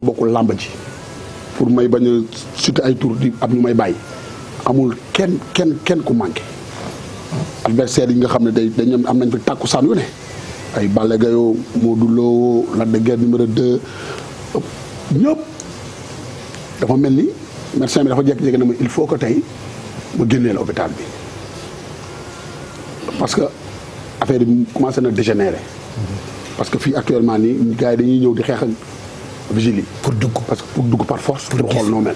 bokkul làmb ji pour may bañ a ay tur di am ñu may bàyyi amul kenn kenn kenn ku manqué adversaire yi nga xam ne day dañ am nañ fi tàkku saan yu ay Balla Gaye Modou Lo Lac de Guiers numéro 2 ñëpp dafa mel ni médecin bi dafa jékki-jékki na ma il faut que tey ma génnee la bi parce que affaire bi commencé na dégénérer parce que fii actuellement nii gars yi dañuy ñëw di xeex vigile pour dugg parce que pour dugg par force. pour xool noo mel.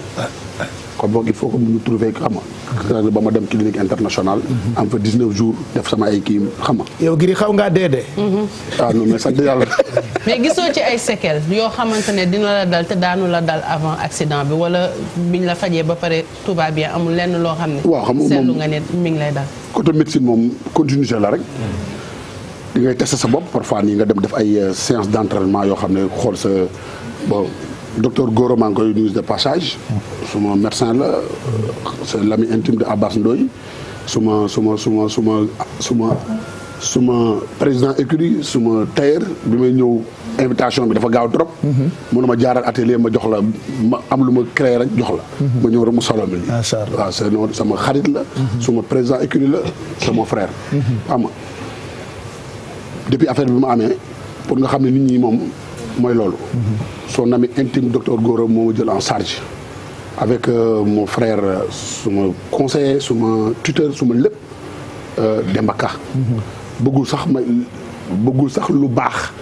kon boog il faut que ñu trouver xam nga. Mm-hmm. ba ma dem clinique internationale. Mm-hmm. am fa 19 jours def sama ay kii xam nga. yow giri xaw nga dee dee. Mm-hmm. Ah, mais sant yàlla. gisoo ci ay séquelles yoo xamante ne dina la dal te daanu la dal avant accident bi wala biñ la fajee ba pare tout va amul lenn loo xam ne. waaw xam nga moom ne mi ngi lay dal. côté médecine moom continue la rek. di ngay tester sa bopp parfois nii nga dem def ay euh, séance d' yoo xam ne xool sa. bon docteur Goro maa ngi koy nuyu de passage. suma médecin la c'est l'ami intime de Abbas suma suma suma suma suma suma président écurie suma tailleur bi may ñëw invitation bi dafa gaaw trop. mënu ma jaaral atelier ma jox la am lu ma créé rek jox la. ma ñëw rek mu solo mi. macha waaw c'est non sama xarit la. suma président écurie la sama frère. am depuis affaire bi ma amee pour nga xam ne nit ñi moom. mooy loolu. soo ami intime docteur Gora moo jël en charge. avec euh, mon frère suma conseiller suma tuteur suma lépp euh, Demba Ka. bëggul sax ma bëggul sax lu baax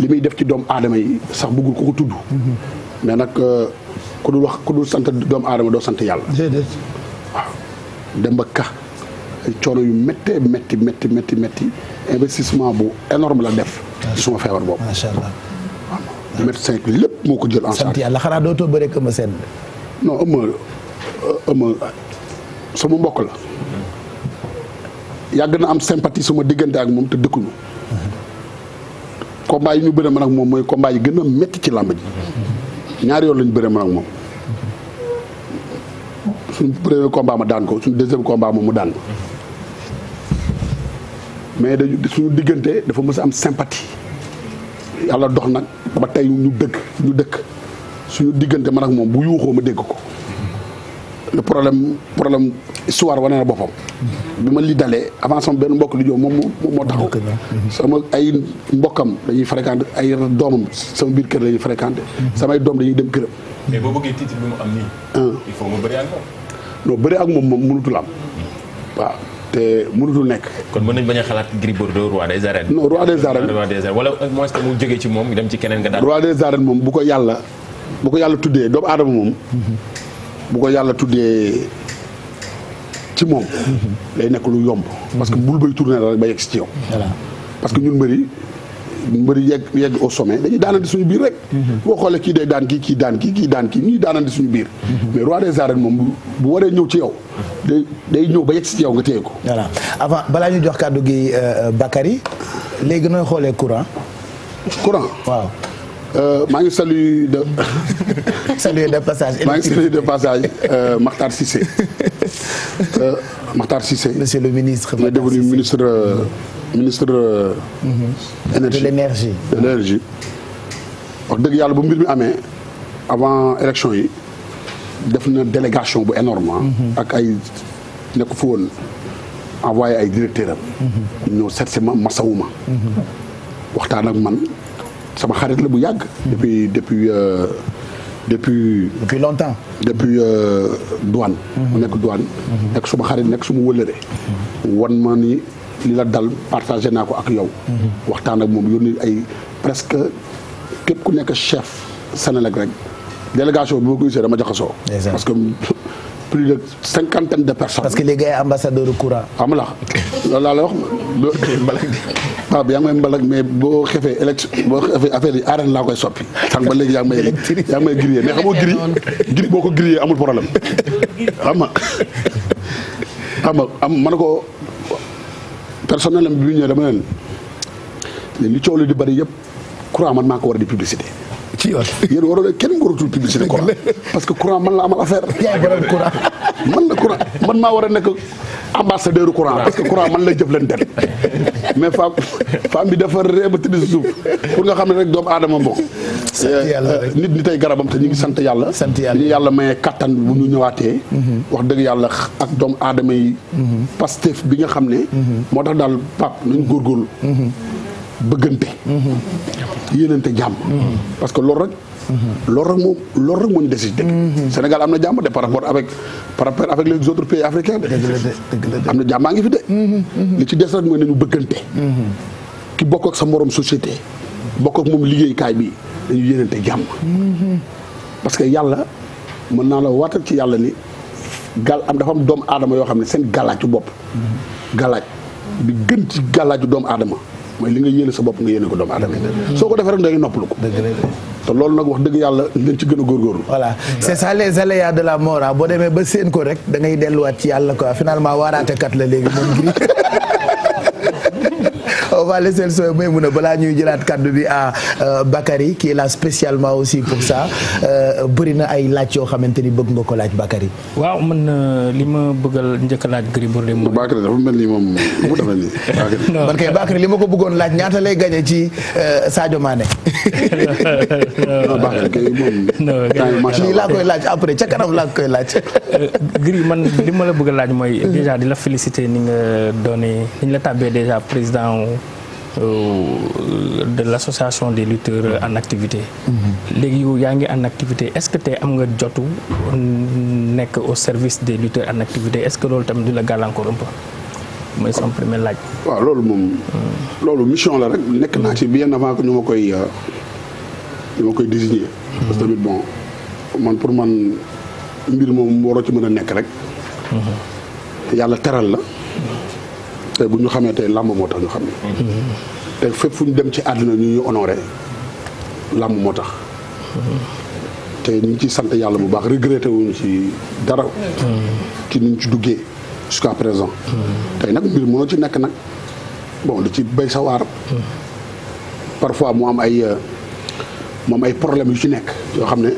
li muy def ci doomu aadama yi sax bëggul ko ko tudd. mais nag euh, ku dul wax ku dul sant doomu aadama doo sant yàlla. déedéet waaw Demba Ka coono yu méttee métti métti métti métti investissement bu énorme la def. ci suma feebar boobu macha allah. médecin bi lépp moo ko jël en charge. sant yàlla xanaa dootoo bëre Eumeu Sène. non Eumeu Eumeu sama mbokk la. yàgg na am sympathie sama diggante ak moom te dëkkuñu. combat yi ñu bëre man ak moom mooy combat yi gën a métti ci làmb ji. ñaari yoon lañu bëre man ak moom. suñu premier combat ma daan ko suñu deuxième combat moom mu daan ko mais dañu suñu diggante dafa mës a am sympathie. yàlla dox nag ba tey ñu dëkk ñu dëkk suñu diggante ma ak moom bu yuuxoo ma dégg ko le problème problème histoire wane na boppam bi ma li dalee avant sama benn mbokk li joom moom moom moo taxaw mhm. sama ay mbokkam dañuy fréquenté ay doomam sama biir kër lañuy fréquenté mhm. samay doom dañuy dem këram mais boo bëggee titre bi mu am ak moom non bëri moom moom mënutul am mhm. te mënutul nekk. kon mën nañu bañ a xalaat Gris Bordeaux roi des arènes. non roi des arènes roi des arènes wala ci moom dem ci keneen nga daal. roi des arènes moom bu ko yàlla bu ko yàlla tuddee doomu aadama moom. bu ko yàlla tuddee ci moom. day nekk lu yomb. parce que mm-hmm. bul bay tourné la rek ba yegg ci yow. parce que ñun mbëri mu mbëri yegg yegg au sommet dañuy daanante suñu biir rek mhm. boo xoolee kii day daan kii kii daan kii kii daan kii ñuy daanante suñu biir mhm. mais roi des arènes moom bu waree ñëw ci yow day day ñëw ba yegg si ci yow nga téye ko voilà avant balaa ñu jox kàddu gi euh, euh, Bakary léegi nooy xoolee courant courant waaw euh, maa ngi salué de. salué de passage. maa ngi salué de passage Makhtar Cissé Makhtar Cissé. monsieur le ministre. il est ministre. ministre. Euh, mhm. énergie de l'énergie de l'énergie wax dëgg yàlla bu mbir mi amee avant élection yi def na délégation bu énorme ah. mhm. ak ay nekku fu woon envoyé ay directeur am. Mhm. ñëw seet ma waxtaan ak man sama xarit la bu yàgg. depuis depuis euh, depuis. depuis longtemps. depuis euh, douane. mu nekk douane. xarit nekk suma ma ni. li la dal partagé naa ko ak yow. waxtaan ak moom yónni ay presque képp ku nekk chef Sénélec rek délégation bi ma ko gisee dama jaxasoo. parce que plus de cinquantaine de personnes. parce que léegi ay ambassadeur courant. am la loolu laa la wax. mais boo xefee élect boo xefee affaire yi arène laa koy soppi sànq ba léegi yaa ngi may yaa mais xamoo grillé grillé boo ko grillé amul problème xam nga xam nga am personnel am bi ñu ñëwee dama leen li coow li di bëri yëpp courant man maa ko war di publicité ci wax yéen waroon kenn waratul publicité courant parce que courant man la amal affaire. yaay borom courant. man la courant man maa war a nekk ambassadeur courant parce que courant man lay jëflanteel mais femme femme bi dafa ree tëdd suuf pour nga xam ne rek doomu aadama mbokk. sant eh, nit ñi garabam te ñu sant yàlla. ñu yàlla maye kattan bu ñu ñëwaatee. Mhm. wax dëgg yàlla ak doomu aadama yi. Mhm. bi nga xam ne. Mhm. moo tax daal Pape nañ góorgóorlu. bëggante. yéenante jàmm. parce que loolu rek. loolu rek moom loolu rek moo ñu des dëgg. Sénégal am na jàmm de par rapport avec par rapport avec les autres pays africains de. am na jàmmaa ngi fi de. li ci des rek mooy nañu bëggante. ki bokk ak sa morom société. bokk ak moom liggéeykaay bi dañu yéenante jàmm. parce que yàlla mën naa la waatal ci yàlla ni gal am dafa am doomu aadama yoo xam ne seen galaaju bopp. galaaj bi gën ci galaaju doomu aadama. mooy li nga yéene sa bopp nga yéene ko doomu aadama soo ko defee rek da ngay noppalu ko loolu nag wax dëgg yàlla ngeen ci gën a góorgóorlu voilà c'est ça les aléas de la mora ah. boo demee ba séen ko rek da ngay delluwaat ci yàlla quoi finalement waaraate kat la léegi moom ngir on balaa ñuy jëlaat kaddu bi à euh, Bakary qui est spécialement aussi pour ça euh, bëri na ay laaj yoo xamante ni bëgg ko laaj Bakary. waaw man euh, li ma bëggal njëkk laaj Gris Bordeaux moom. Bakary dafa kay Bakary li ma ko bëggoon laaj ñaata lay gagné ci Sadio Mané. non Bakary kay lii laa koy laaj après ca kanam laa koy laaj. Gris man li ma la bëgg a laaj mooy. déjà di la féliciter ni nga doone ni ñu la tàbbee déjà président. Euh, de l'association des lutteurs euh, en activité. Mm-hmm. léegi yow yaa ngi en activité est-ce que tey am nga jotu nekk au service des lutteurs en activité est-ce que loolu tamit du la gàllankoor un peu mooy sama premier laaj. waaw loolu moom. Mm. loolu mission la rek nekk naa ci bien avant que ñu ma koy euh, ñu mm-hmm. parce que tamit bon man pour man mbir moom waroo ci mën a nekk rek. Mm-hmm. yàlla teral la. te bu ñu xamee tey làmb moo tax ñu xam ne tey fépp fu ñu dem ci àdduna ñu ñu honoré làmb moo tax te ñu ngi ciy sant yàlla bu baax regretté wuñu ci dara ci ñu ci duggee jusqu'à présent tey nag mbir moo ci nekk nag bon di ci bay sa waar parfois mu am ay mu am ay problème yu ci nekk yoo xam ne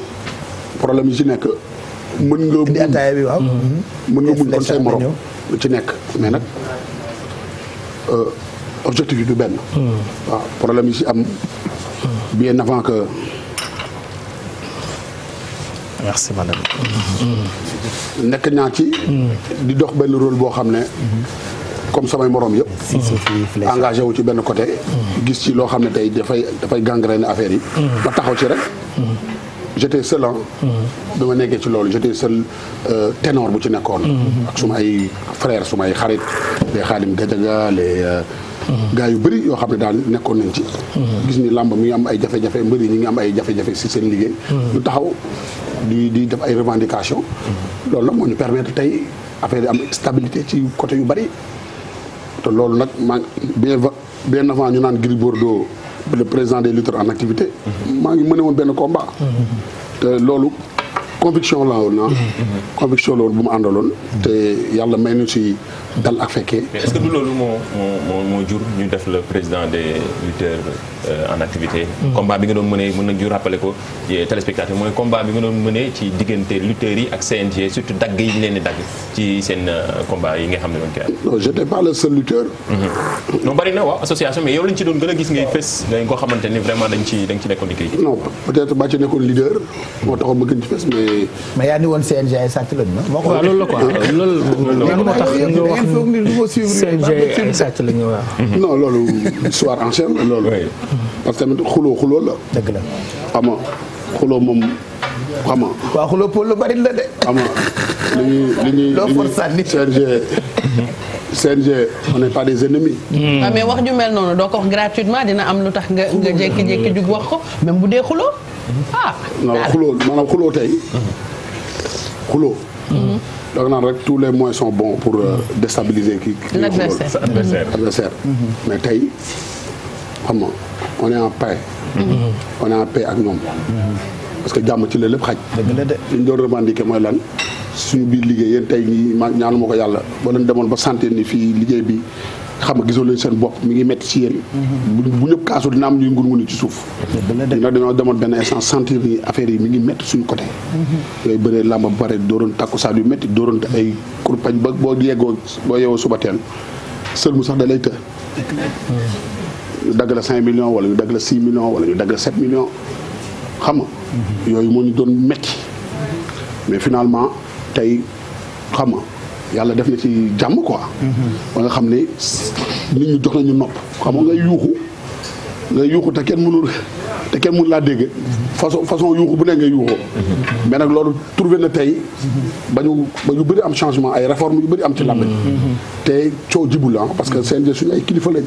problème yu ci nekk mën nga muñ mën nga muñ say morom ci nekk mais nag Euh, objectif yi du benn. Hmm. problème yi si am. bien avant que. merci hmm. nekk naa ci. Hmm. di dox benn rôle boo xam ne. comme samay moroom yëpp. engagé wu ci benn côté. gis ci loo xam ne tey dafay dafay gangrène affaire yi. ba taxaw ci rek. j'étais seul ah. bi ma nekkee ci loolu j'étais seul euh, ténor bu ci nekkoon. Mm-hmm. ak suma ay frères suma ay xarit de Xaalim Gajaga les. Euh, mm-hmm. gars yu bëri yoo xam ne daal nekkoon nañ ci. gis ni làmb mu ngi am ay jafe-jafe mbër ñu ngi am ay jafe-jafe si seen liggéey. ñu taxaw di di def ay revendications. loolu nag moo ñu permettre tey affaire yi am stabilité ci côté yu bëri te loolu nag maa bien bien avant ñu naan Gris le président des lutteurs en activité. maa ngi mëne woon benn combat. loolu conviction la woon ah. conviction la woon bu mu àndaloon. te yàlla may nu si dal a fekkee. est-ce que du loolu moo moo moo jur ñu def le président des lutteurs. Euh, en activité. combat bi nga doon mënee mën nañu ju rappelé ko téléspectateur mooy combat bi nga doon mënee ci diggante lutteurs yi ak CNG surtout dagg yi ñu leen di dagg ci seen euh, combat yi nga xam ne doon koy am. non j'étais pas le seul lutteur. Mm-hmm. non bari na waaw association mais yow lañ ci doon gën a gis ngay fës dañ koo xamante ni vraiment dañ ci dañ ci nekkoon liggéey. non peut-être baa ci nekkoon leader. moo taxoon ma gën ci fës mais. mais yaa ni woon CNG ay sàcc lañ ma. moo ko waaw loolu la quoi loolu. loolu moo tax nga wax CNG ay sàcc lañ waaw. non loolu histoire ancienne loolu. parce que tamit xuloo xuloo la. dëgg la xam nga xuloo moom xam nga. xuloo pour lu bari la de. xam nga li ñuy li ñuy loo for sànni CNG CNG on n'est pas des ennemis. waaw mm. ah, wax ju mel noonu doo ko gratuitement dina am lu tax nga nga jékki-jékki jug wax ko même bu dee xuloo ah. non xuloo maanaam tey xuloo. Mm-hmm. da nga naan rek tous les moyens sont bons pour euh, déstabiliser kii. l'adversaire adversaire mm-hmm. mais tey. xam nga on est en paix. Mm-hmm. on est ak ñoom. Mm-hmm. parce que jàmm ci la lépp xaj. dëgg la de li ñu doon revendiquer mooy lan suñu biir liggéey yéen tey ñii ma ñaanu ma ko yàlla boo leen demoon ba santé ni fii liggéey bi xam nga gisoo leen seen bopp mi ngi metti ci yéen. Mm-hmm. bu bu ñëpp kaasu dina am ñuy ngurnguni ci suuf. dëgg la de ñun demoon benn instant sentir ni affaire yi mi ngi metti suñu côté. yooyu bëree làmb ba pare dooroon takkusaan yu métti dooroon ay kurpañ ba boo yeggoo boo yeewoo suba teel sël mu sax da lay ñu dagg la 5 millions wala ñu dagg la 6 millions wala ñu dagg la 7 millions xam yooyu moo doon metti mais finalement tey xam nga yàlla def na ci jàmm quoi. Mm-hmm. ba nga xam ne nit ñu jox nañu nopp xam ngay yuuxu nga yuuxu te kenn mënul te kenn mënul laa dégg façon façon yuuxu bu ne nga yuuxoo mais nag loolu trouvé na tey ba ñu ba ñu bëri am changement ay réforme yu bëri am ci làmb te coow jibul ah parce que CNG suñu ay kilifa lañ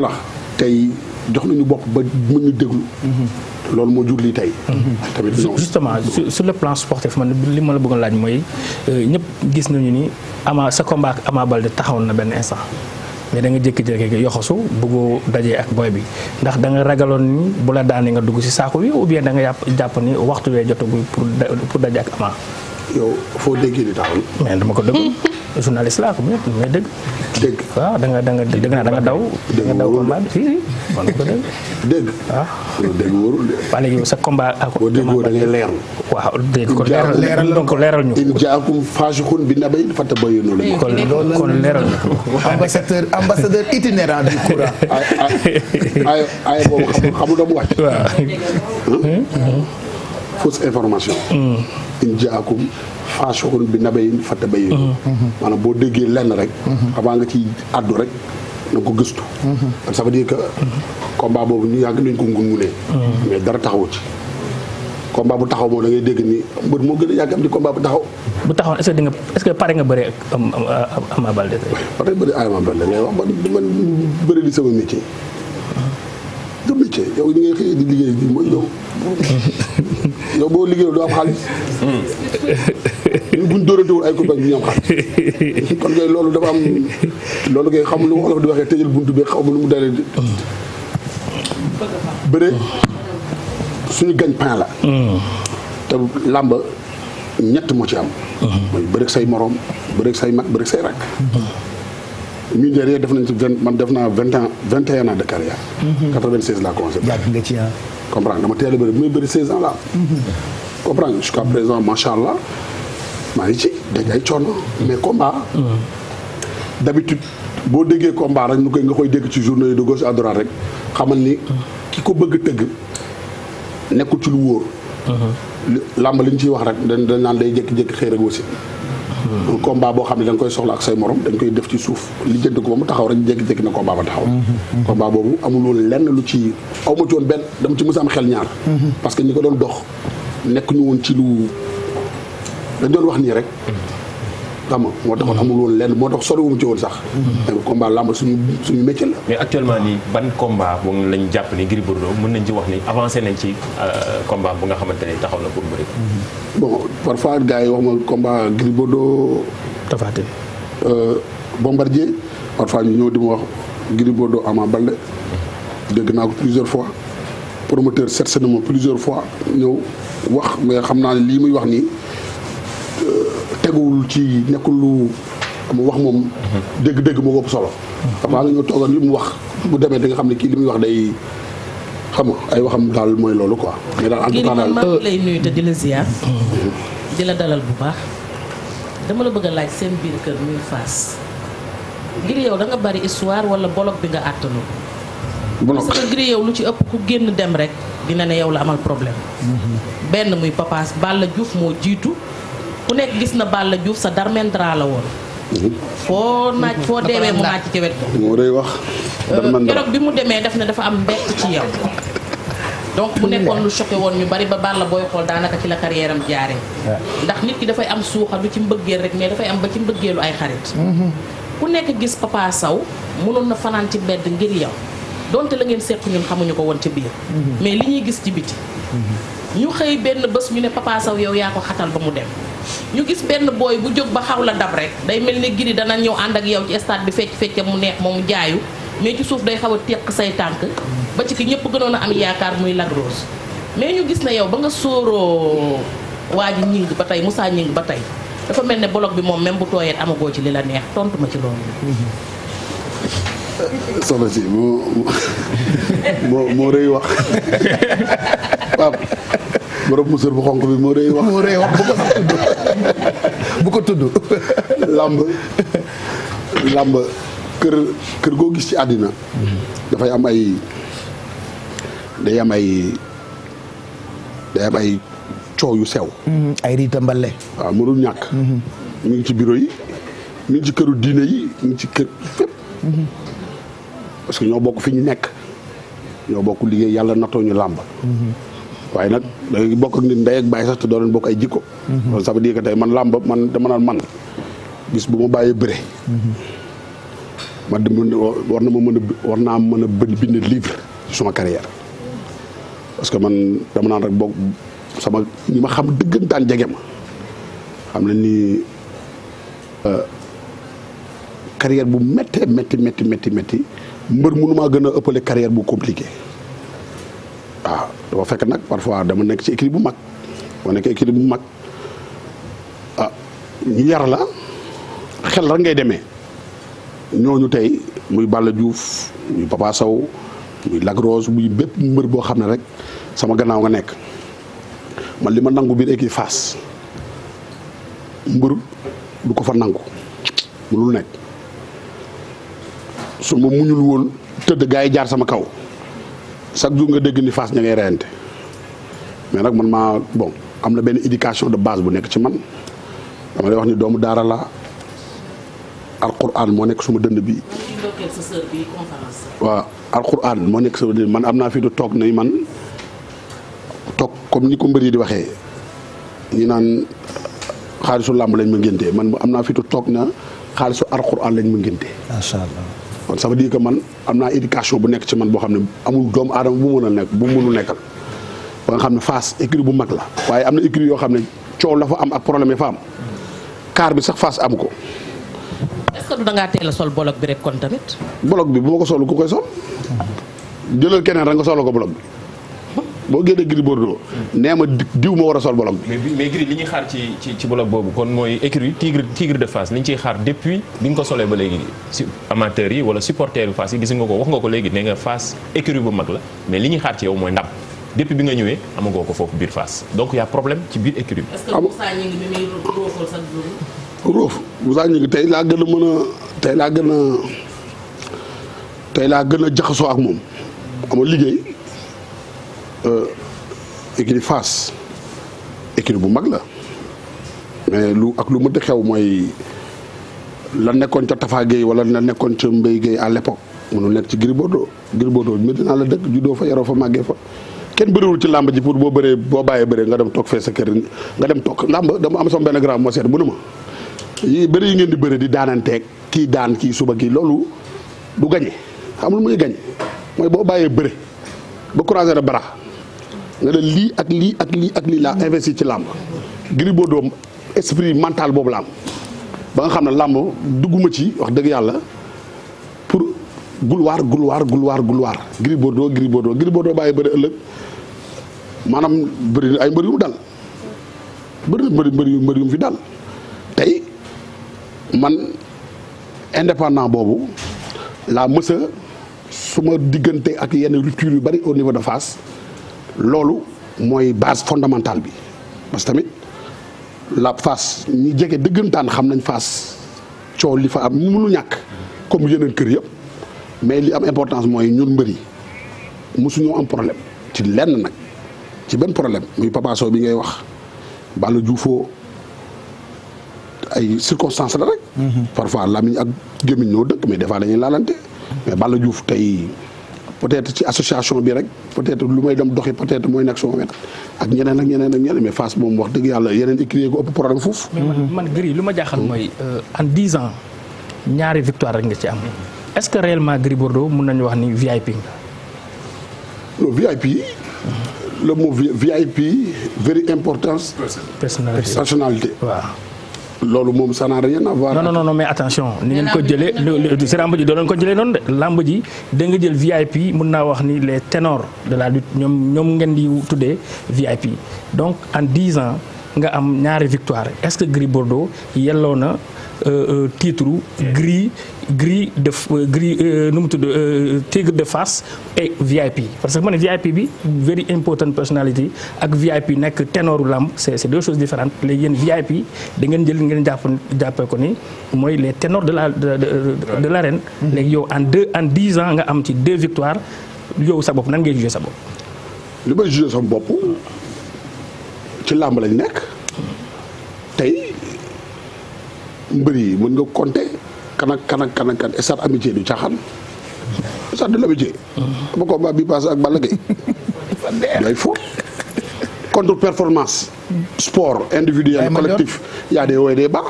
la tey jox nañu bopp ba ñu déglu loolu moo jur lii tey. tamit justement sur le plan sportif man li ma la bëggoon laaj mooy euh, ñëpp gis nañu ni Ama sa combat ak Ama Baldé taxawoon na benn instant. mais da nga jékki-jékki yoxosu bëggoo dajee ak boy bi ndax danga ragaloon ni bu la daanee nga dugg si saako bi ou bien da nga yàpp jàpp ni waxtu wee jotagul pour pour daje ak Ama. yow foo déggee di taxaw. mais dama ko déglu journaliste laa ko mais dama dégg. dégg waaw da nga da nga dégg naa da nga daw. da nga daw combat bi fii kon ko ah. waa léegi sa combat ak. boo déggoo da ngay waaw dégg ko leeral leeral donc leeral ñu. in jaakum faasiqun bi nabain fatabayyanu la. kon kon leeral na. ambassadeur ambassadeur itinérant du Coran. ay ay boobu xamul doomu wàcc. waaw. information. Hmm. in jaakum faasiqun bi nabain fatabayyanu. Hmm. maanaam boo déggee lenn rek. xamaa hmm. nga ci àddu rek. na ko gistu kon ça veut dire que. combat boobu ñu yàgg nañ ko ngungunee. mais dara taxawu ci. combat bu taxaw moom da ngay dégg ni mbër moo gën a yàgg am di combat bu taxaw. bu taxawoon est ce di nga est ce pare nga bëree am am Ama Baldé. pare bëri Ama Baldé mais wax man man bëri di sama métier. sa métier yow li ngay xëy di liggéey bi mooy yow yow boo liggéeyul doo am xaalis hmm. ñun buñ dóorantewul ay copains ñu am xaalis kon kay loolu dafa am loolu kay xam lu di waxee tëjal buntu bi xaw ma lu mu dalee di hmm. bëre suñu gagne-pain la hmm. te làmb ñett moo ci am mooy say moroom bëre say mag bëre ak say rakk mine de rien def nañ ci man def naa vingt ans vingt et un ans de carrière. 96 mhm. laa commencé. yàgg nga ci ah. comprendre dama teel a bëri bu may bëri 16 ans laa. Mhm. comprendre jusqu'à présent macha allah maa ngi ci dégg ay coono mais combat. Mhm. d'habitude boo déggee combat rek ñu koy nga koy dégg ci journée yi de gauche à droite rek xamal ni. ki ko bëgg tëgg nekkul ci lu wóor. làmb li ñu ciy wax rek dañ dañ naan day jékki-jékki xëy rek aussi. combat boo xam ne da koy soxla ak say morom dañ koy def ci suuf li jënd ko ba mu taxaw rek jékki-jékki na combat ba taxaw combat boobu amul lenn lu ci aw ma ci woon benn dama ci mës a am xel ñaar parce que ñi ko doon dox nekk ñu woon ci lu dañ doon wax nii rek xam nga moo taxoon amul woon lenn moo tax soriwuma ci woon sax. Mm-hmm. combat lamb suñu suñu métier la. mais actuellement nii ban combat moom lañ jàpp ni Gris Bordeaux mën nañ ci wax ni avancé nañ ci euh, combat bu nga xamante ne taxaw na pour bëri ko. Mm-hmm. bon parfois gars yi wax ma komba Gris Bordeaux. Tapha Tine. Euh, Bombardier parfois ñëw di ma wax Gris Bordeaux Ama Baldé mm-hmm. dégg naa ko plusieurs fois promoteur certes na plusieurs fois ñëw wax mais xam naa lii muy wax nii. teguwul ci nekkul lu mu wax moom. dégg-dégg moo ëpp solo. xam nga ñoo li mu wax bu demee di nga xam ne kii li muy wax day xam nga ay waxam daal mooy loolu quoi. mais daal en tout cas daal euh, lay nuyu te di la ziar. la dalal bu baax. dama la bëgg laaj seen biir kër muy Fass. ngir yow da nga bari histoire wala bolok bi nga àttanu ko. parce que ngir lu ci ëpp ku génn dem rek dina ne yow la amal problème. Mm-hmm. benn muy papaas Balla Diouf moo jiitu. ku nekk gis na Balla Diouf sa Darmen la woon. naaj mm-hmm. foo deewee mu ci wet wax. Euh, Darmen bi mu demee daf ne dafa am mbett ci yow. donc bu nekkoon lu choqué woon ñu bari ba Balla booy xool daanaka ci la carrière am jaaree. ndax nit ki dafay am suuxa du ci mbëggeel rek mais dafay am ba ci mbëggeelu ay xarit. Mm-hmm. ku nekk gis Papa Sow mënoon na fanaan ci mbedd ngir yow donte la ngeen seq ñun xamuñu ko woon ci biir. Mm-hmm. mais li ñuy gis ci biti. ñu xëy benn bés ñu ne Papa Sow yow yaa ko xatal ba mu dem. ñu gis benn booy bu jóg ba xaw la dab rek day mel ni giri dana ñëw ànd ak yow ci stade bi fecc fecc mu neex moomu jaayu mais ci suuf day xaw a téq say tànk ba ci ki ñëpp gënoon a am yaakaar muy Lac Rose mais ñu gis na yow ba nga sóoroo waa ji ñing ba tey Moussa ñing ba tey dafa mel ne bloc bi moom même bu tooyeet amagoo ci li la neex tontu ma ci loolu euh, si moo moo rëy wax borom musóor bu xonq bi moo rëy wax moo rëy wax bu ko tudd làmb làmb kër kër goo gis ci àddina. dafay am ay day am ay ay coow yu sew. Mm-hmm. ay riita mbale. waaw mënul ñàkk. ñu mm-hmm. ngi ci biro yi mi ngi ci këru diine yi ñu ngi ci kër fépp. Mm-hmm. que ñoo bokk fi ñu nekk ñoo bokk liggéey yàlla natoo ñu làmb. waaye nag da bokk ak nit ndey ak bàyyi sax te doo leen bokk ay jikko. loolu mhm. ça veut dire que man làmb man dama naan man bis bu ma bàyyi bëre. Mhm. man dama war na ma mën a war naa mën a bind livre ci suma carrière parce que man dama naan rek bokk sama ñi ma xam dëggantaan jege ma xam na ni euh, carrière bu méttee métti métti métti métti mbër mënu maa gën a ëppale carrière bu compliqué. waaw ah, dafa fekk nag parfois dama nekk ci équipe bu mag ma nekk équipe bu mag ah, ñu yar la xel rek ngay demee ñooñu tey muy Balla Diouf muy Papa Sow muy Lac Rose muy bépp mbër boo xam ne rek sama gannaaw nga nekk man li ma nangu biir équipe Fass mbër du ko fa nangu mu lul nekk su ma muñul woon tëdd gaa yi jaar sama kaw. chaque jour nga dégg ni Fass ña ngay reyante mais nag man maa bon am na benn éducation de base bu nekk ci man dama lay wax ni doomu daara la alquran moo nekk suma dënn bi. waaw alquran moo nekk sama dënd man am naa fi toog ni man toog comme ni ko mbër yi di waxee ñi naan xaalisu làmb lañ ma ngénte man am naa fi toog na xaalisu alquran lañ ma ngénte. macha allah. kon ça dii dire que man am naa éducation bu nekk ci man boo xam ne amul doomu aadama bu mën a nekk bu mënu nekkal ba nga xam ne Fass écurie bu mag la waaye am na écurie yoo xam ne coow la fa am ak problème yi fa am car bi sax Fass am ko. est-ce que du da ngaa teel a sol bolok bi rek kon tamit. bolok bi bu ma ko sol ku koy sol jëlal keneen rek nga solo ko bolok bi. boo génnee Gris Bordeaux nee ma diw ma war a sol bolom bi. mais Gris li ñuy xaar ci ci ci bolom boobu kon mooy écurie Tigre Tigre de Fass li ñu ciy xaar depuis bi nga ko solee ba léegi si amateurs yi wala supporters yu Fass yi gis nga ko wax nga ko léegi nee nga Fass écurie bu mag la mais li ñuy xaar ci yow mooy ndam. depuis bi nga ñëwee amagoo ko foofu biir Fass donc yaa a problème ci biir écurie bi. est-ce que bi muy tey laa gën a mën a tey laa gën a tey laa gën a jaxasoo ak moom Euh, écurie Fass écurie bu mag la mais lu ak lu mu di xew mooy la nekkoon ca Tafa Gueye wala la nekkoon ca Mbaye Gueye à l'époque mënul nekk ci Gris Bordeaux Gris Bordeaux la dëkk juddoo fa yaroo màggee fa kenn bëriwul ci làmb ji pour boo bëree boo bàyyee bëree nga dem toog fee sa kër nga dem toog làmb dama am sama benn grand moo seet mënu ma yi bëri yi ngeen di bëri di daananteeg kii daan kii suba kii loolu du gañe xamul muy gañ mooy boo bàyyee bëri ba croiser le bras nga ne lii ak lii ak lii ak lii laa investi ci làmb Gris Bordeaux esprit mental boobu la ba nga xam ne làmb dugguma ci wax dëgg yàlla pour gulwaar gulwaar gulwaar gulwaar Gris Bordeaux Gris Bordeaux Gris Bordeaux bàyyi bëri ëllëg maanaam bëri ay mbër dal bëri na mbër yu mbër mu fi dal tey man indépendant boobu laa mësa suma diggante ak yenn rupture yu bari au niveau de Fass loolu mooy base fondamentale bi parce que tamit la Fass ñi jege dëggantaan xam nañ Fass coow li fa am mënu ñàkk comme yeneen kër yëpp mais li am importance mooy ñun mbër yi mosuñoo am problème ci lenn nag ci benn problème muy Papa bi ngay wax Balla Dioufoo ay circonstances la rek. Mhm. parfois lamiñ ak gémmiñ ñoo dëkk mais des fois dañuy laalante mais Balla Diouf tey. peut-être ci association bi rek peut-être lu may dem doxi peut-être mooy nekk sama wet ak ñeneen ak ñeneen ak ñeneen mais Fass moom wax dëgg yàlla yeneen écurie ko ëpp problème foofu. man man lu ma jaaxal mooy euh, en dix ans ñaari victoire rek nga ci am est-ce que réellement Gris Bordeaux mun nañu wax ni VIP nga. non VIP. le mot VIP very importance. personnalité personnalité waaw. loolu moom ça n'a rien à voir. non non non mais attention. ni ngeen ko jëlee si làmb ji doo leen ko jëlee noonu de làmb ji da nga jël VIP mën naa wax ni les ténors de la lutte ñoom ñoom ngeen di tuddee VIP donc en dix ans nga am ñaari victoire est-ce que Gris Bordeaux yelloo na euh, euh, titre Gris. gris de euh, gris euh, mu tudd euh, tigre de face et VIP parce que man VIP bi very important personality ak VIP nekk ténoru làmb c'est c'est deux choses différentes léegi yéen VIP da ngeen jël ngeen jàpp jàppee ko ni mooy les ténors de la de de l'arène léegi yow en deux en dix ans nga am ci deux victoires yow sa bopp nan ngay jugé sa bopp. li may jugé sama bopp ci làmb lañ nekk tey mbër yi nga compter. kan ak kan ak kan ak kan stade amitié du caaxaan stade ba bi passé ak Balla Gaye. day fo contre performance. sport individuel collectif yaa dee wooy dee baax.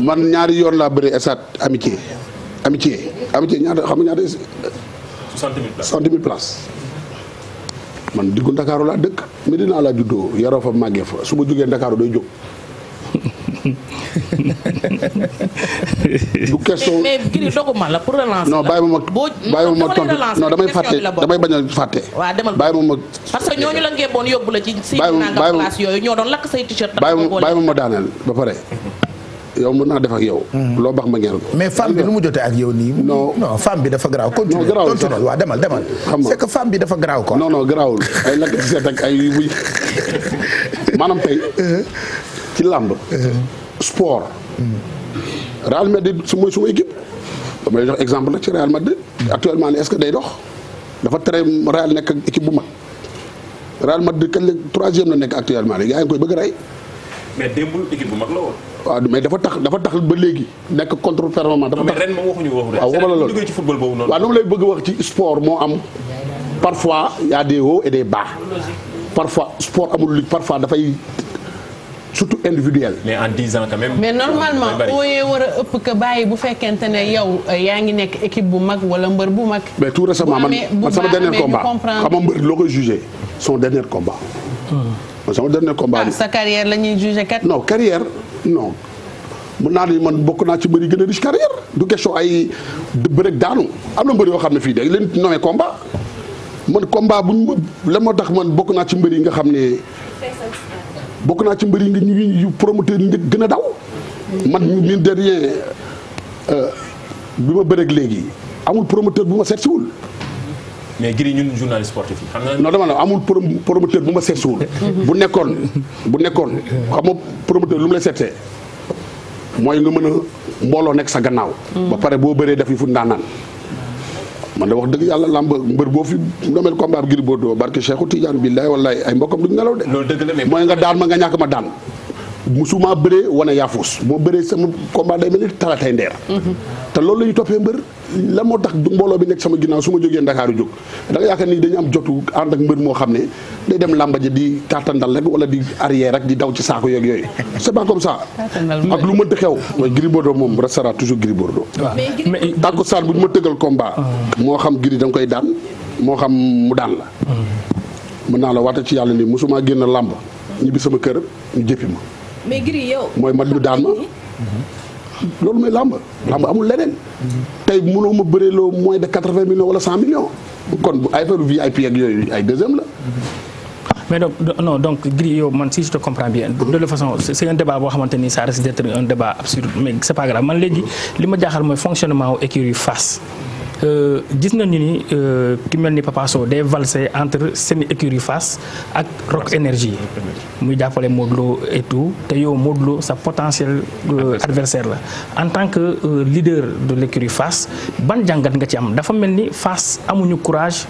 man ñaari yoon laa bëri stade amitié amitié amitié ñaata xam nga ñaata. cent mille places cent man diggu Ndakaaru laa dëkk Medina laa juddoo yaroo fa màggee fa su ma jógee Ndakaaru day jóg. du question mais mais doguma la pour relancer. non bàyyi ma ma bàyyi ma ma tontu non damay fàtte damay bañ fàtte. demal bàyyi ma ma. parce que ñooñu la ngeen yooyu ñoo doon lakk say t-shirt. bàyyi ma bàyyi ma ma daaneel ba pare. yow mun naa def ak yow. Mhm. loo baax ma ngeen mais femme bi lu mu ak yow nii. non non femme bi dafa garaaw. non garaawul sax continué demal demal. xam nga c'est que dafa garaaw quoi. non non garaawul ay lakk ci ak ay maanaam tey uh-huh. ci làmb sport Real Madrid su mooy suma équipe damay jox exemple nag ci Real Madrid actuellement ni est-ce que day dox dafa tere Real nekk ak équipe bu mag Real Madrid kañ la troisième la nekk actuellement léegi yaa ngi koy bëgg a rey mais démbul équipe bu mag la woon. waaw ba léegi nekk contre performance dafa tax ren moom waxuñu waxu waaw wala nu ma lay bëgg wax ci sport moo am parfois y a des hauts et des bas parfois sport amul parfois dafay surtout individuel. mais en dix mais normalement ooyee war a ëpp que bàyyi bu fekkente ne yow euh, yaa ngi nekk équipe bu mag wala mbër bu mag. mais tout récemment man man sama dernier combat xam nga mbër loo koy jugé son dernier combat. man hmm. sama dernier combat bi. Ah, sa carrière la ñuy jugé kat. non carrière non mën naa ni man bokk naa ci mbër yi gën a riche carrière du question ay bëreeg daanu am na mbër yoo xam ne fii dañ leen nommé combat man combat bu la moo tax man bokk naa ci mbër yi nga xam ne. bokk naa ci mbër yi nga ñu promoteur yi gën a daw man mine de rien euh, bi ma bëreeg léegi amul promoteur bu ma seet siwul mais giri ñun journaliste sportif yi xam nga non dama la amul promoteur bu ma seet bu nekkoon bu nekkoon xam nga promoteur lu mu la seetee mooy nga mën a mbooloo nekk sa gannaaw ba pare boo bëree def yi fu ndaanaan man de wax dëgg yàlla làmb mbër boo fi damel combat Gris Bordeaux barke Cheikhou Tidiane billaay wallaay ay mbokkam duñ nelaw de. mooy nga daan ma nga ñàkk ma daan. musuma bëree wane yaafus moo bëree sama combat day mel ni talatay ndeer mm-hmm. loolu la ñu toppee la moo tax mbooloo bi nekk sama ginnaaw su ma jógee ndakaaru jóg da nga yaakaar am jotu ànd ak mbër moo xam ne day dem làmba ji di kaatandal rek wala di arrière rek di daw ci saako yeeg yooyu c'est pas comme ça ak lu mënta xew mooy Gris Bordeaux moom restera toujours Gris Bordeaux tàkku saan bu ñu ma tëggal combat ah. moo xam Gris da koy daan moo xam mu daan la mm-hmm. mën naa la waata ci yàlla ni mosuma génn làmb ñibbi sama kër ñu jëppi ma mais Gris yow. mooy man ñu daan ma. Mhm. loolu mooy làmb. làmb amul leneen. Mhm. tey mënoo ma loo moins de quatre vingt millions wala cent millions. kon ay affaire VIP yooyu ay deuxième la. Mhm. mais donc non donc Gris yow man si te comprends bien. de toute façon c'est un débat boo xamante ni ça risque d'être un débat absurde mais c'est pas grave man léegi li ma jaaxal mooy fonctionnement wu écurie Fass. Euh, gis nañu ni euh, ki mel ni Papa Sow day valser entre seen écurie Fass ak Rock Énergie muy jàppale Modou Lo te yow Modou Lo sa potentiel euh, adversaire la en tant que leader de l'écurie Fass ban jàngat nga ci am dafa mel ni Fass amuñu courage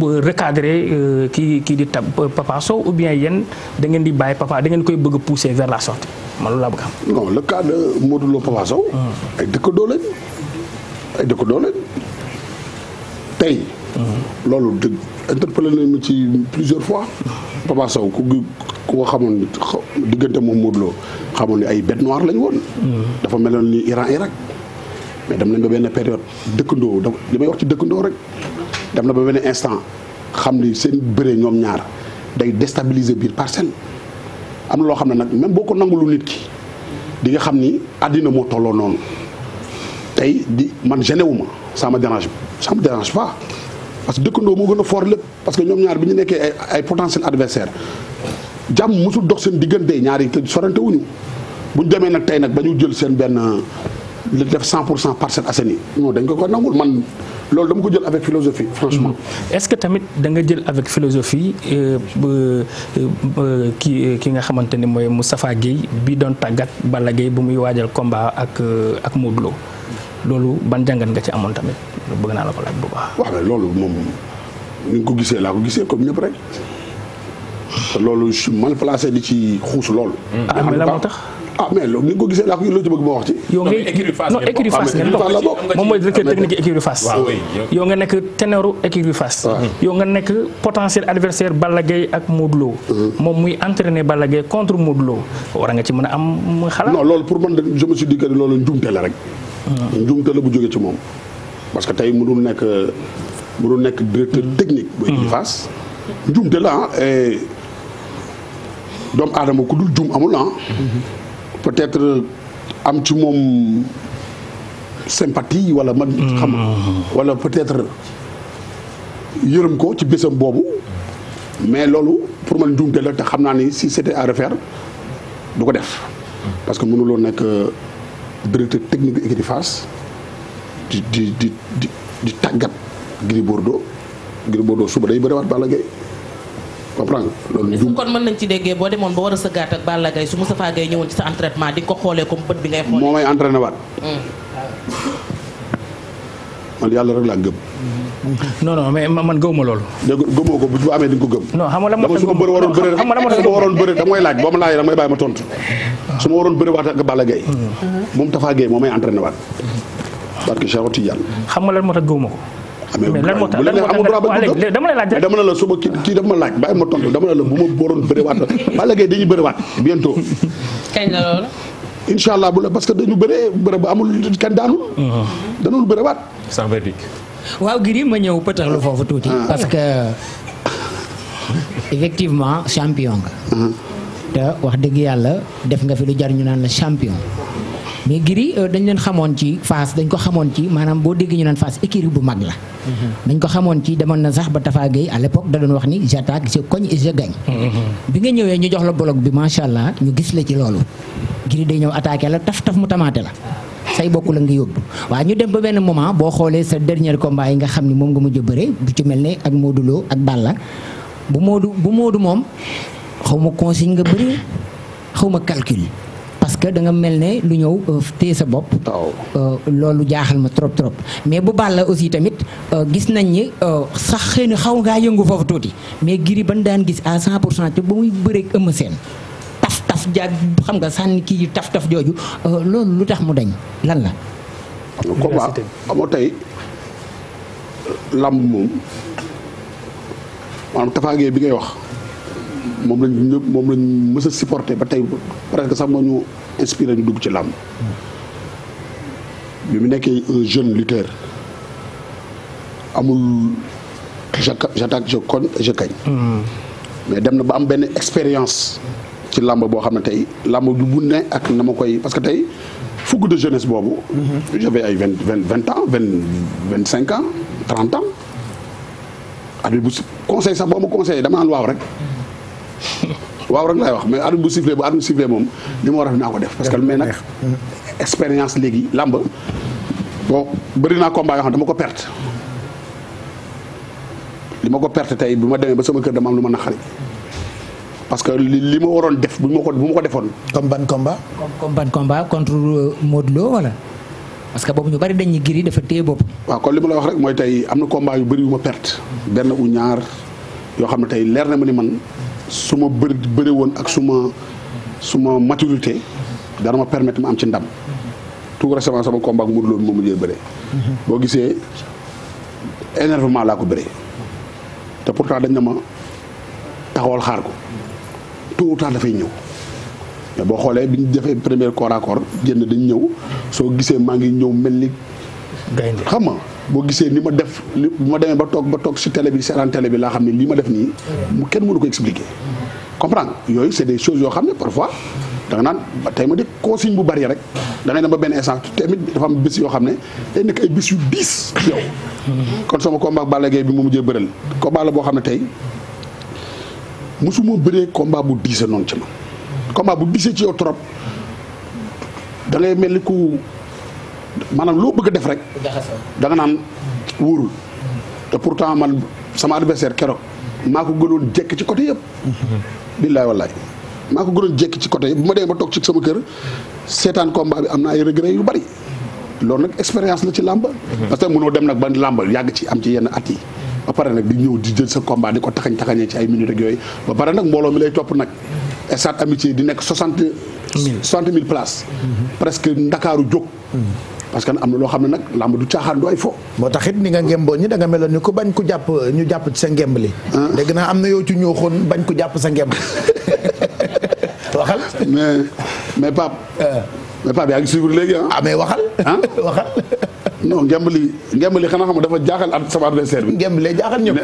recadrer kii kii di tab Papa Sow ou bien yéen da ngeen di bàyyi Papa da ngeen koy bëgg a pousser vers la sortie man loolu laa bëgg a xam. non le cas de Modou Lo hmm. lañ. ay dëkkandoo lañ tey. loolu dëgg interpellé mu ci plusieurs fois. Papa Sow ku ko xamoon diggante moom Modou Lo xamoon ni ay bête noire lañ woon. dafa meloon nii Iran Irak mais dem nañ ba benn période dëkkandoo da li may wax ci dëkkandoo rek dem na ba benn instant xam ni seen bëre ñoom ñaar day déstabiliser biir parcelle am na loo xam ne nag même boo ko nangulu nit ki di nga xam ni àddina moo tolloo noonu. tey di man gêné wu ma ça me dérange ça dérange pas parce que dëkkandoo moo gën a foor lépp parce que ñoom ñaar bi ñu nekkee ay ay potentiel adversaire jàmm mosul dox seen diggante ñaar yi te sorante wuñu bu ñu demee nag tey nag ba ñu jël seen benn li def cent pour cent Parcelles Assainies non dañ ko ko nangul man loolu dama ko jël avec philosophie franchement. Mm-hmm. est-ce que tamit da nga jël avec philosophie euh, euh, euh, ki ki nga xamante ni mooy Moustapha Guèye bi doon tàggat Balla Gaye bu muy waajal combat ak ak Modou loolu ban jàngat nga ci amoon tamit bëgg naa la ko laaj bu baax. wax nga loolu moom ni laa ko gisee comme ñëpp rek te loolu je suis mal placé ci xuus loolu. Hmm. ah mais la tax. ah mais loolu ni nga ko gisee laa ko loo ci bëgg ma wax ci. yow ngay non écurie Fass ngeen bokk moom mooy directeur nga nekk ténoru écurie Fass. yow nga nekk hmm. ak Modou Lo. Hmm. moom muy entraîner Balla Gaye contre Modou Lo war nga ci mën a am xalaat. non loolu pour man je me si dit que loolu njumte la rek. njuumte la bu jóge ci moom parce que tey mënul nekk mënul nekk directeur technique booy di mm-hmm. njuumte la ah doomu aadama ku dul juum amul ah mm-hmm. peut-être euh, am ci moom sympathie wala man mm-hmm. xam wala peut-être yërëm ko ci bésam boobu mais loolu pour man njuumte la te xam naa ni si c'était à refaire du ko def parce que mënuloo nekk directeur technique bu écurie Fass di di di tàggat di tàggat Gris Bordeaux Gris Bordeaux suba day bëriwaat Balla Gaye comprendre loolu njum kon mën nañ ci déggee boo demoon ba war a sëggaat ak Balla Gaye su Moustapha Gaye ñëwoon ci sa entraînement di nga ko xoolee comme bët bi ngay xoolee. moo may entraîné waat. Mm. man yàlla rek laa gëm. non non mais man gëwuma loolu. dégg gëmoo ko bu bu amee di ko gëm. non xam ma bëri moo tax ah, dama la laaj rek dama la la su ma kii kii dama la laaj bàyyi ma tontu dama la la bu ma waroon bëri waat Balla Gaye dañuy bëri waat bientôt. kañ la loolu. incha allah bu la parce dañu bëree ba amul kenn daanul. Uh-huh. danoon bëriwaat sans waaw Gris ma ñëw pëtaxlu foofu tuuti ah. parce que effectivement champion nga mm-hmm. te wax dëgg yàlla def nga fi lu jar ñu naan la champion mais Gris euh, dañ leen xamoon ci Fass dañ ko xamoon ci maanaam boo dégg ñu naan Fass écurie bu mag la mm-hmm. dañ ko xamoon ci demoon na sax ba Tafa Gueye à l'époque da doon wax ni j'attaque je cogne et je gagne mm-hmm. bi nga ñëwee ñu jox la bloc bi macha allah ñu gis la ci loolu Gris day ñëw attaqué la taf taf mu tamaate la say bokku la nga yóbbu waaw ñu dem ba benn moment boo xoolee sa dernier combat yi nga xam ni moom nga mujj a bëre bu ci mel ne ak Modou Lo ak Balla bu Modou bu Modou moom xaw ma consigne nga ma calcul parce que da nga mel ne lu ñëw euh, téye sa bopp. Euh, loolu jaaxal ma trop trop. mais bu Balla aussi tamit euh, gis nañ ni sax xëy na xaw ngaa yëngu foofu tuuti mais giri ban daan gis à 100 pour cent te ba muy bëreeg Eumeu Sène taf jaag xam nga sànni kii taf taf jooju loolu lu tax mu dañ lan la. combat amoo tey làmb moom maanaam bi ngay wax moom lañ ñëpp moom lañ mës a ba tey presque sax moo ñu inspiré ñu dugg ci làmb bi mu nekkee jeune lutteur amul j'attaque je cogne je mais dem na ba am benn expérience ci làmb boo xam ne tey làmb ju bu ne ak na ma koy parce que tey fougue de jeunesse boobu. j'avais ay vingt vingt vingt ans vingt vingt cinq ans trente ans. bu conseil sax boo ma conseil dama naan waaw rek. waaw rek laay wax mais arbitre bu sifflé bu arbitre sifflé moom. li ma war naa ko def parce que mais nag mm-hmm. expérience léegi làmb bon bëri naa combat yoo dama ko perte. li ma ko perte tey bu ma demee ba sama kër dama am lu ma naqari. parce que li ma waroon def bu ma ko bu ma ko defoon. comme ban combat. comme ban combat contre euh, Modou Lo wala. parce que boobu ñu bari dañ ñu giri dafa téye bopp. waaw kon li ma la wax rek mooy tey am na combat yu bëri yu ma perte. benn u ñaar yoo xam ne tey leer na ma ni man su ma bëri bëri woon ak su ma su ma maturité dana ma permettre ma am ci ndam. tout récemment sama combat ak Modou Lo moom la ñu bëree. boo gisee énervement laa ko bëree. te pourtant dañ na ma taxawal xaar ko. tôt ou dafay ñëw mais boo xoolee bi ñu defee première corps à génn dañ ñëw soo gisee maa ngi ñëw mel ni xam nga boo gisee ni ma def li ma demee ba toog ba toog si télé bi seetaan télé bi laa xam ne li ma def nii kenn mënu ko expliquer comprendre yooyu c'est des choses yoo xam ne parfois da nga naan tey ma di consigne bu bari rek da ngay ma benn instant tamit dafa am bis yoo xam ne day nekk ay bis yu diis yow hmm. kon sama combat Balla Gaye bi mu mujjee bëral combat la boo xam ne tey musuma bëree combat bu diise noonu ci man combat bu diise ci yow trop da mel ni ku maanaam loo bëgg a def rek da nga naan wóorul te pourtant man sama adversaire keroog maa ko gënoon jekk ci côté yëpp billaay wallaay maa ko gënoon jekk ci côté yëpp bu ma demee ba toog ci sama kër seetaan combat bi am na ay regret yu bari loolu nag expérience la ci làmb parce que mënoo dem nag ba làmba yàgg ci am ci yenn at yi ba pare nag di ñëw di jël sa combat di ko taxañ taxañee ci ay minutes ak yooyu ba pare nag mbooloo mi lay topp nag stade amitié di nekk soixante mille soixante mille places presque ndakaaru jóg parce que ni nga ngemboo ñi da nga meloon ni ku bañ ku jàpp sa ngemb li. Ah. dégg naa am na yow ci ñoo bañ ku jàpp sa ngemb waxal. mais mais ah. mais Pape yaa ngi suivre léegi ah. ah waxal. ah waxal. non ngemb li ngemb xanaa xam nga dafa jaaxal ak sama adversaire bi. ngemb lee jaaxal ñëpp.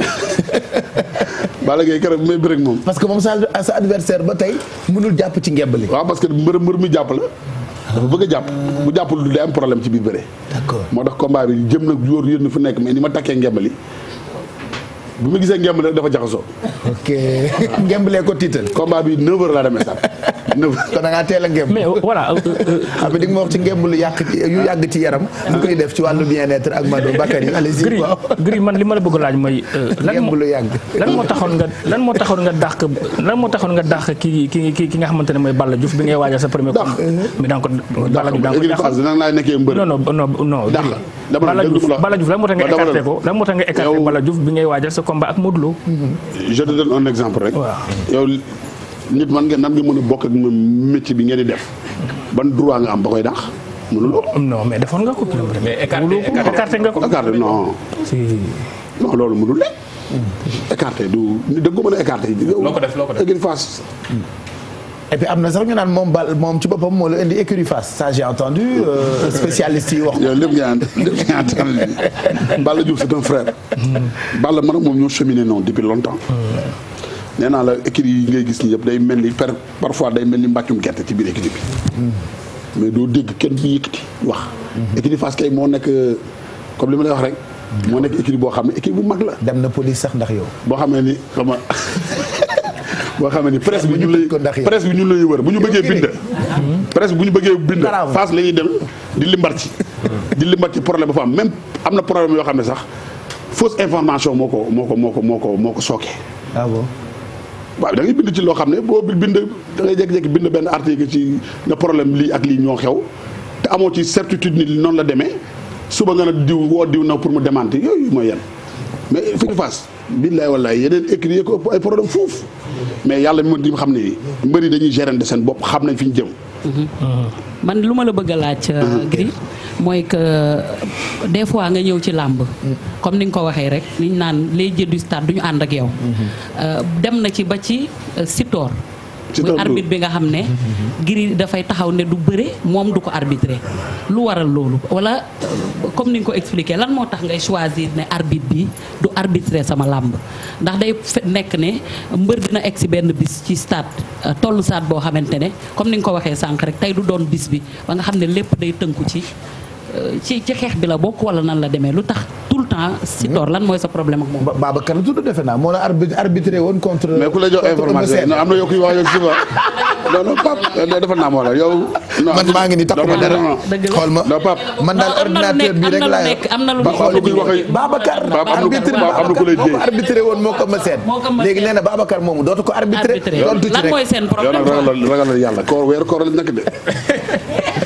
Balla Gaye keroog bu may bëreeg moom. parce que moom sa sa adversaire ba tey mënul jàpp ci ngemb li. waaw parce que mbër mbër mi jàpp la. dafa bëgg a jàpp bu jàppul day am problème ci biir bëre. d'accord moo tax combat bi jëm nag yóor yóor na fu nekk mais ni ma takkee ngemb bu mu gisee ngemb rek dafa jaxasoo. ok ngemb lee ko tiital. combat bi 9 heures laa demee sax 9 heures. kon da ngaa a ngemb. mais euh, voilà. xam euh, euh, ah, nga di wax ci ngemb lu yàq yu yàgg ci yaram. lu koy def ci wàllu bien-être ak Mado Bakary. allez-y Gris Gris man li ma la bëgg laaj mooy. ngemb lu yàgg lan moo taxoon nga lan moo taxoon nga dàq lan moo taxoon nga dàq ki ki ki nga xamante ne mooy Balla Diouf bi ngay waajal sa premier. dàq mais da nga ko Balla Diouf da nga ko dàq. dàq laay nekkee mbër. non non non. Balla Diouf Balla Diouf lan moo tax nga écarté ko lan moo tax nga écarté Balla bi ngay waajal sa combat ak Modou Lo. je te un exemple rek. yow nit man nga nan nga mën a bokk ak métier bi ngeen di ban droit nga am ba koy dàq. mënuloo non mais defoon nga ko. mais écarté écarté nga ko écarté non. si non loolu mënul ne. Hmm. écarté du da nga ko mën a écarté. loo ko def loo ko def et puis na sax naan moom bal moom ci boppam moo la indi écurie Fass ça j'ai entendu euh, spécialiste yi wax. yow lépp nga ànd lépp moom ñoo cheminé noonu depuis longtemps. nee naa la écurie yi ngay gis yëpp day mel ni par parfois day mel ni mbàccum gerte ci biir écurie bi. mais doo dégg kenn du wax. écurie Fass kay moo nekk comme li ma lay wax rek. moo nekk écurie boo xam ne écurie bu mag la. dem na police sax ndax yow. boo xam ne ni xam nga boo xam ne presse bi ñu lay presse bi ñu lay wër bu ñu bëggee bind presse bi bu ñu bëggee bind face la ñuy dem di limbar ci di limbar ci problème ba fa am même am na problème yoo xam ne sax fausse information moo ko moo ko moo ko moo ko moo ko sooke ah waaw da ngay bind ci loo xam ne boo bind da ngay jékki-jékki bind benn article ci na problème lii ak lii ñoo xew te amoo ci certitude ni noonu la demee suba nga ne diw woo diw na pour mu démentir yooyu mooy yan mais Firi Fass billaay wallaay yeneen écrits yi ko ay problème foofu mais yàlla mi mën di xam ne mbëri dañuy gérer seen bopp xam nañ fi ñu jëm. Mm-hmm. man lu ma la bëgg a laaj. Euh, mm-hmm. Gris mooy que euh, des fois nga ñëw ci làmb. Mm-hmm. comme ni nga ko waxee rek niñ naan les jeux du stade du ànd ak yow. Euh, dem na ci ba ci Sitor. muy arbitre bi nga xam ne Gris dafay taxaw ne du bëre moom du ko arbitrer lu waral loolu wala euh, comme ni nga ko expliqué lan moo tax ngay choisir ne arbitre bi du arbitrer sama làmb ndax day nekk ne mbër dina egg si benn bis ci stade euh, tollu stade boo xamante ne comme ni nga ko waxee sànq rek tey du doon bis bi ba nga xam ne lépp day tënku ci ci ci xeex bi la bokk wala nan la demee lu tax tout temps temps Sitor lan mooy sa problème ak moom. Babacar la tudd defe naa moo la arbitré woon contre. mais ku la jox na yow kuy wax yow si non non Pape dafa moo la yow. man maa ngi ni takku ma dara xool ma non man daal ordinateur bi rek laa am na lu nekk am na lu nekk Babacar. arbitré na ku lay dee arbitré woon moo ko ma seen. moo ko ma seen léegi na dootu ko arbitré. lan mooy seen problème yow nag yàlla koor weer koor la nekk de.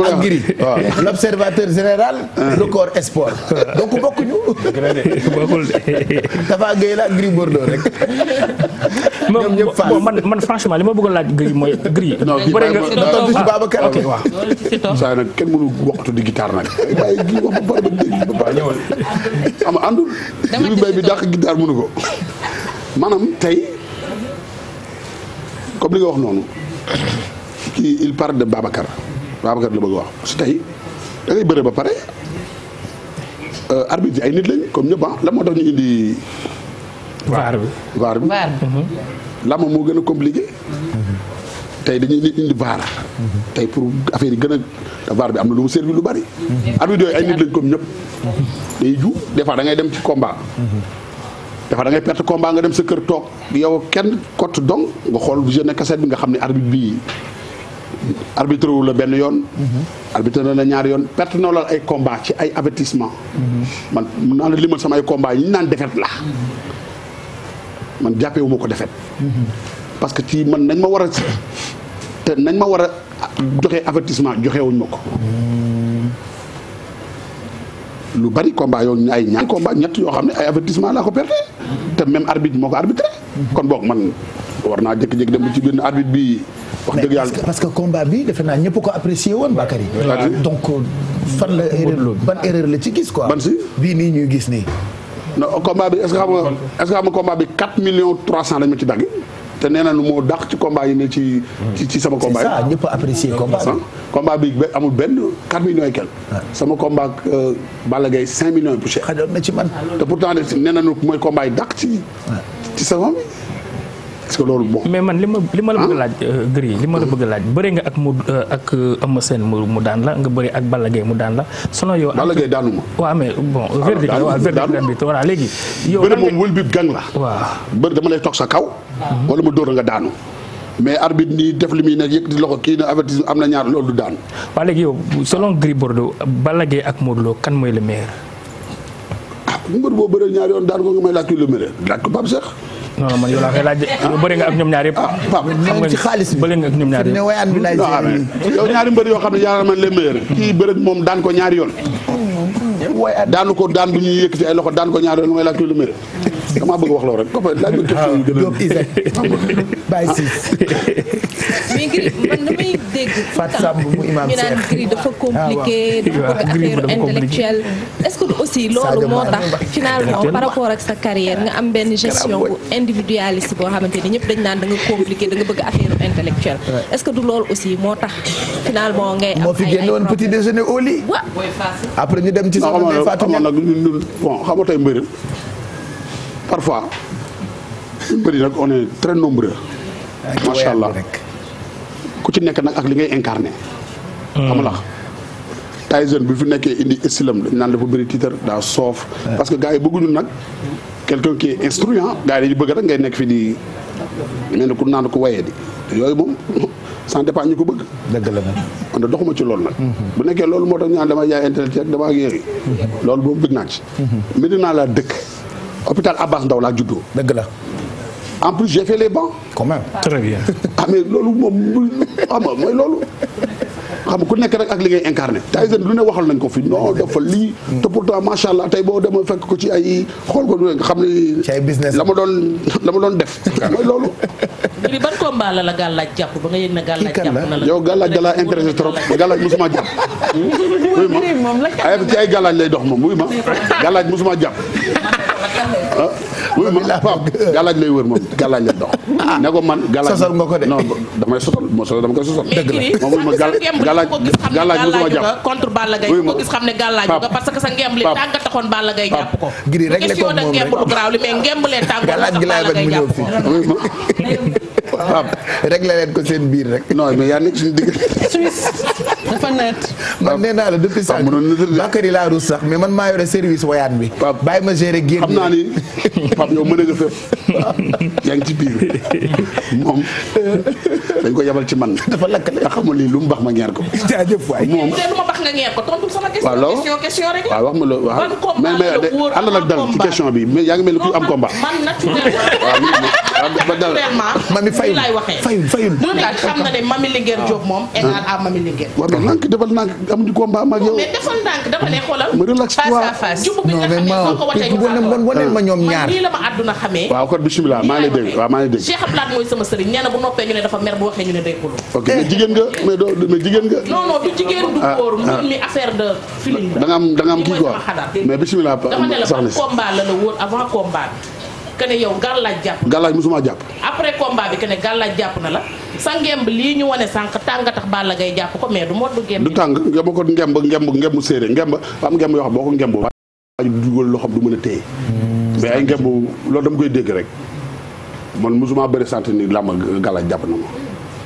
ak général ah. record sport donc bokkuñu bokkul dafa géy la ak Gris man man franchement li ma bëggoon mooy Gris bëri nga tontu ci Babacar ok di guitare nag waaye gi am àndul li mbay bi dàq guitare mënu ko maanaam tey comme li nga wax noonu kii il parle de Babacar Babacar la bëgg wax su tey da ngay bëre ba pare euh, arbitre yi ay nit lañ comme ñëpp ah la moo tax ñu indi. vaar bi mhm. moo gën a compliqué. Mhm. tey dañuy indi vaar. Mhm. tey pour affaire yi gën a te vaar bi am na lu mu servi lu bari. arbitre yooyu ay nit lañ comme ñëpp. day ju des fois da ngay dem ci combat. des fois da ngay perte combat nga dem sa kër toog yow kenn cot dong nga xool visionné cassette bi nga xam ne arbitre bii. arbitre wu benn yoon. Mhm. arbitre na la ñaari yoon perte na lool ay combat ci ay avertissement. Mhm. man mun naa la limal sama ay combat yi ñu naan defet la mhm. man jàppewuma ko defet parce que ci man nañ ma war a te nañ ma war a joxe avertissement joxe wuñ ma ko. lu bari combat yoo ay ñaari combat ñett yoo xam ne ay avertissement laa ko perte te même arbitre moo ko arbitré. kon boog man war naa jékki-jékki dem ci benn arbitre bii wax dëgg yàlla parce que combat bi defe naa ñëpp ko apprécié woon Bakary ah, donc euh, fan la erreur ban erreur la ci gis quoi ban si bii nii ñuy gis nii non combat bi est-ce que xam nga est-ce que xam nga combat bi 4 millions 300 ci dagg te nee na nu moo dàq ci combat yi ne ci sama combat yi c'est ça ñëpp apprécié combat bi ah, combat bi amul benn 4 millions et quelques ah. sama combat euh, Balla Gaye 5 millions et poussière xajoon ci man te pourtant nee na nu mooy combat yi dàq ci ci sama est loolu mais man li ma li ma la bëgg laaj. Euh, Gris li ma la bëgg laaj bëri nga ak mu euh, ak euh, Eumeu Sène mu daan la nga bëri ak Balla mu daan la. selon yow Balla Gaye daanu ma. waaw mais bon. Ah, verdict waaw verdict voilà léegi. yow bëri moom wëlbib gang la. waaw bëri dama lay toog sa kaw. Mhm. wala ma dóor nga daanu. mais arbitre nii def li muy nekk yëkkati loxo kii na avertissement am na ñaar loolu du daan. waaw léegi yow selon Gris Bordeaux Balla ak Modou kan mooy le meilleur. ah mbër boo bëree ñaar yoon daan non non man yow laa koy laaj ah. ak ñoom ñaar yëpp. ah Pape nee ci xaalis bi bëri nga ak ñoom ñaar yëpp. ne wayaan bi laay ah, yow ñaari mbër yoo xam ne yàlla man les meilleurs. Hmm. kii bëri moom daan ko ñaari yoon. daanu ko daan bu ñuy yëkkati ay loxo daan ko ñaari yoon mooy laaj ko lu mel. damaa bëgg wax loolu ko ah. question yu gën a. Isaac bàyyi si. mais Gris man nga am benn gestion bu individualiste boo xamante ni ñëpp dañ naan da nga compliqué bëgg affaire intellectuelle est ce que du loolu aussi moo tax finalement ngay am moo fi ñu dem ci sa Fatou nag bon xam nga tey mbir parfois mbir nag on est très ci nekk nag ak li ngay incarné hmm. xam la Tyson bi fu nekkee indi istilam dañ naan dafa bëri titre daa soof parce que gars yi bëgguñu nag quelqu'un qui est instruit yi bëgg rek ngay nekk fi di mel ne ku naan ko wayee di yooyu moom ça dépend ñu ko bëgg. dëgg la man de doxuma ci loolu nag. Mhm. bu nekkee loolu moo tax ñu naan damay jaay intellectuel damaa yéegi. Mhm. loolu boobu bëgg naa ci. Mhm. Medina laa dëkk. hôpital Abbas Ndao laa juddoo. dëgg la. en plus j'ai fait les bancs. quand même très bien. ah loolu moom mooy loolu. xam ku nekk rek ak li ngay incarné Tyson lu ne waxal nañ ko fi non dafa lii te pourtant macha allah tey boo dema fekk ko ci ay xool ko nga xam ni la ma doon la doon def mooy loolu li ban combat la la gàllaaj jàpp ba nga yëg ne gàllaaj jàpp na la yow gàllaaj da laa intéressé trop gàllaaj mosuma jàpp muy ma ay ci ay gàllaaj lay dox moom muy ma gàllaaj mosuma jàpp wuy ma Pape galaaj lay wër moom galaaj la dox. ne man galaaj sosal moo sosal dama koy sosal. dëgg la moom wuy ma ko gis xam ne galaaj nga parce que sa ngemb li tàng taxoon Balla Gaye jàpp ko. giri rek la ko ngemb du garaaw li mais ngemb leen tàngoor. galaaj laay bañ mu ñëw fii xam réglé leen ko seen biir rek. non mais yaa nekk suñu diggante. Suisse dafa net. man nee naa la depuis sax Bakary laa ruus sax mais man maa yore service wayaan bi. Pape bàyyi ma gérer génn. xam naa ni Pape yow mën nga yaa ngi ci biir moom dañ ko yabal ci man. dafa lakk la xamul lii lu mu mbax ma ngeer ko. jaajëf waay moom tey ma baax nga ngeer ko tontu sama question. question rek la waaw wax ma loolu waaw. mais mais ànd ak dal ci question bi yaa ngi mel ni ku am combat. man mami fayul fayul fayul du nekk xam na ne mami Linguère Diop moom égal à mami Linguère waaw mais defal ndànk amuñu combat ak yow defal ndànk dama ne xoolal ma relax face à face jubbu bi nga xam ne soo ko ma ñoom ñaar nii la ma àdduna xamee waaw maa ngi lay dégg waaw maa ngi lay jigéen nga mais jigéen nga non du jigéen du ah, góor ah. mbir mi affaire de feeling da nga am da nga am kii quoi mais bismillah soxna si combat la la wóor avant combat que ne yow gàllaaj jàpp. gàllaaj mosuma jàpp. après combat bi que ne jàpp na la sa ngemb lii ñu wane sànq tàng tax Balla Gaye jàpp ko mais du mot du du tàng ngemb ko ngemb ngemb ngemb séeréer ngemb am ngemb yoo xam boo ko ngemb. waaye dugal loo xam du mën a téye. Hmm. mais ay ngemb loolu dama koy dégg rek man mosuma bëri sant ni làmb gàllaaj jàpp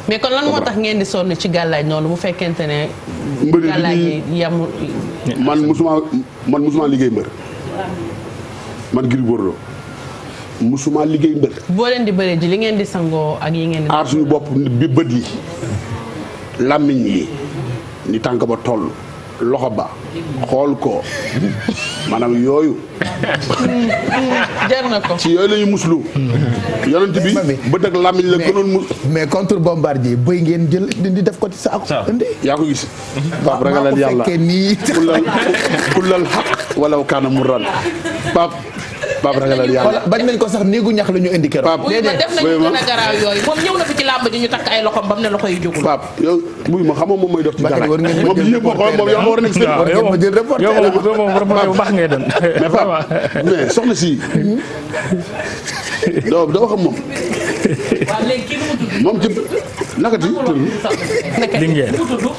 mais kon lan moo tax ngeen di sonn ci gàllaaj noonu bu fekkente ne. mbëri gàllaaj yamul man musuma man musuma liggéey mbër. man Gris Bordeaux musuma liggéey mbër. boo leen di bëree ji li ngeen di sangoo ak yi ngeen di. aar suñu bopp bi bët yi làmmiñ yi ni tànk ba toll loxo ba xool ko maanaam yooyu. jar na ko. ci yooyu la ñuy muslu. yonent bi bët ak làmmiñ la gënoon mus. mais contre bombardier bëy ngeen jël di def ko ci sa ak. indi yaa ko gis. Pape ragalal yàlla maa ko fekkee nii. kullal kullal xaq walaw kaana murran Pape. Pape ragalal yàlla bañ nañ ko la ñu indi keroog. Pape def nañu gën a garaaw yooyu moom ñëw na fi ci làmb ji ñu takk ay loxom bam ne loxo yi jógul. Pape yow buy ma xamoo moom mooy dox ci dara moom yëpp ma xool moom yow ma a ma jël reporter yow moom baax ngay doon mais Pape mais soxna si doo doo xam moom moom ci naka di tudd.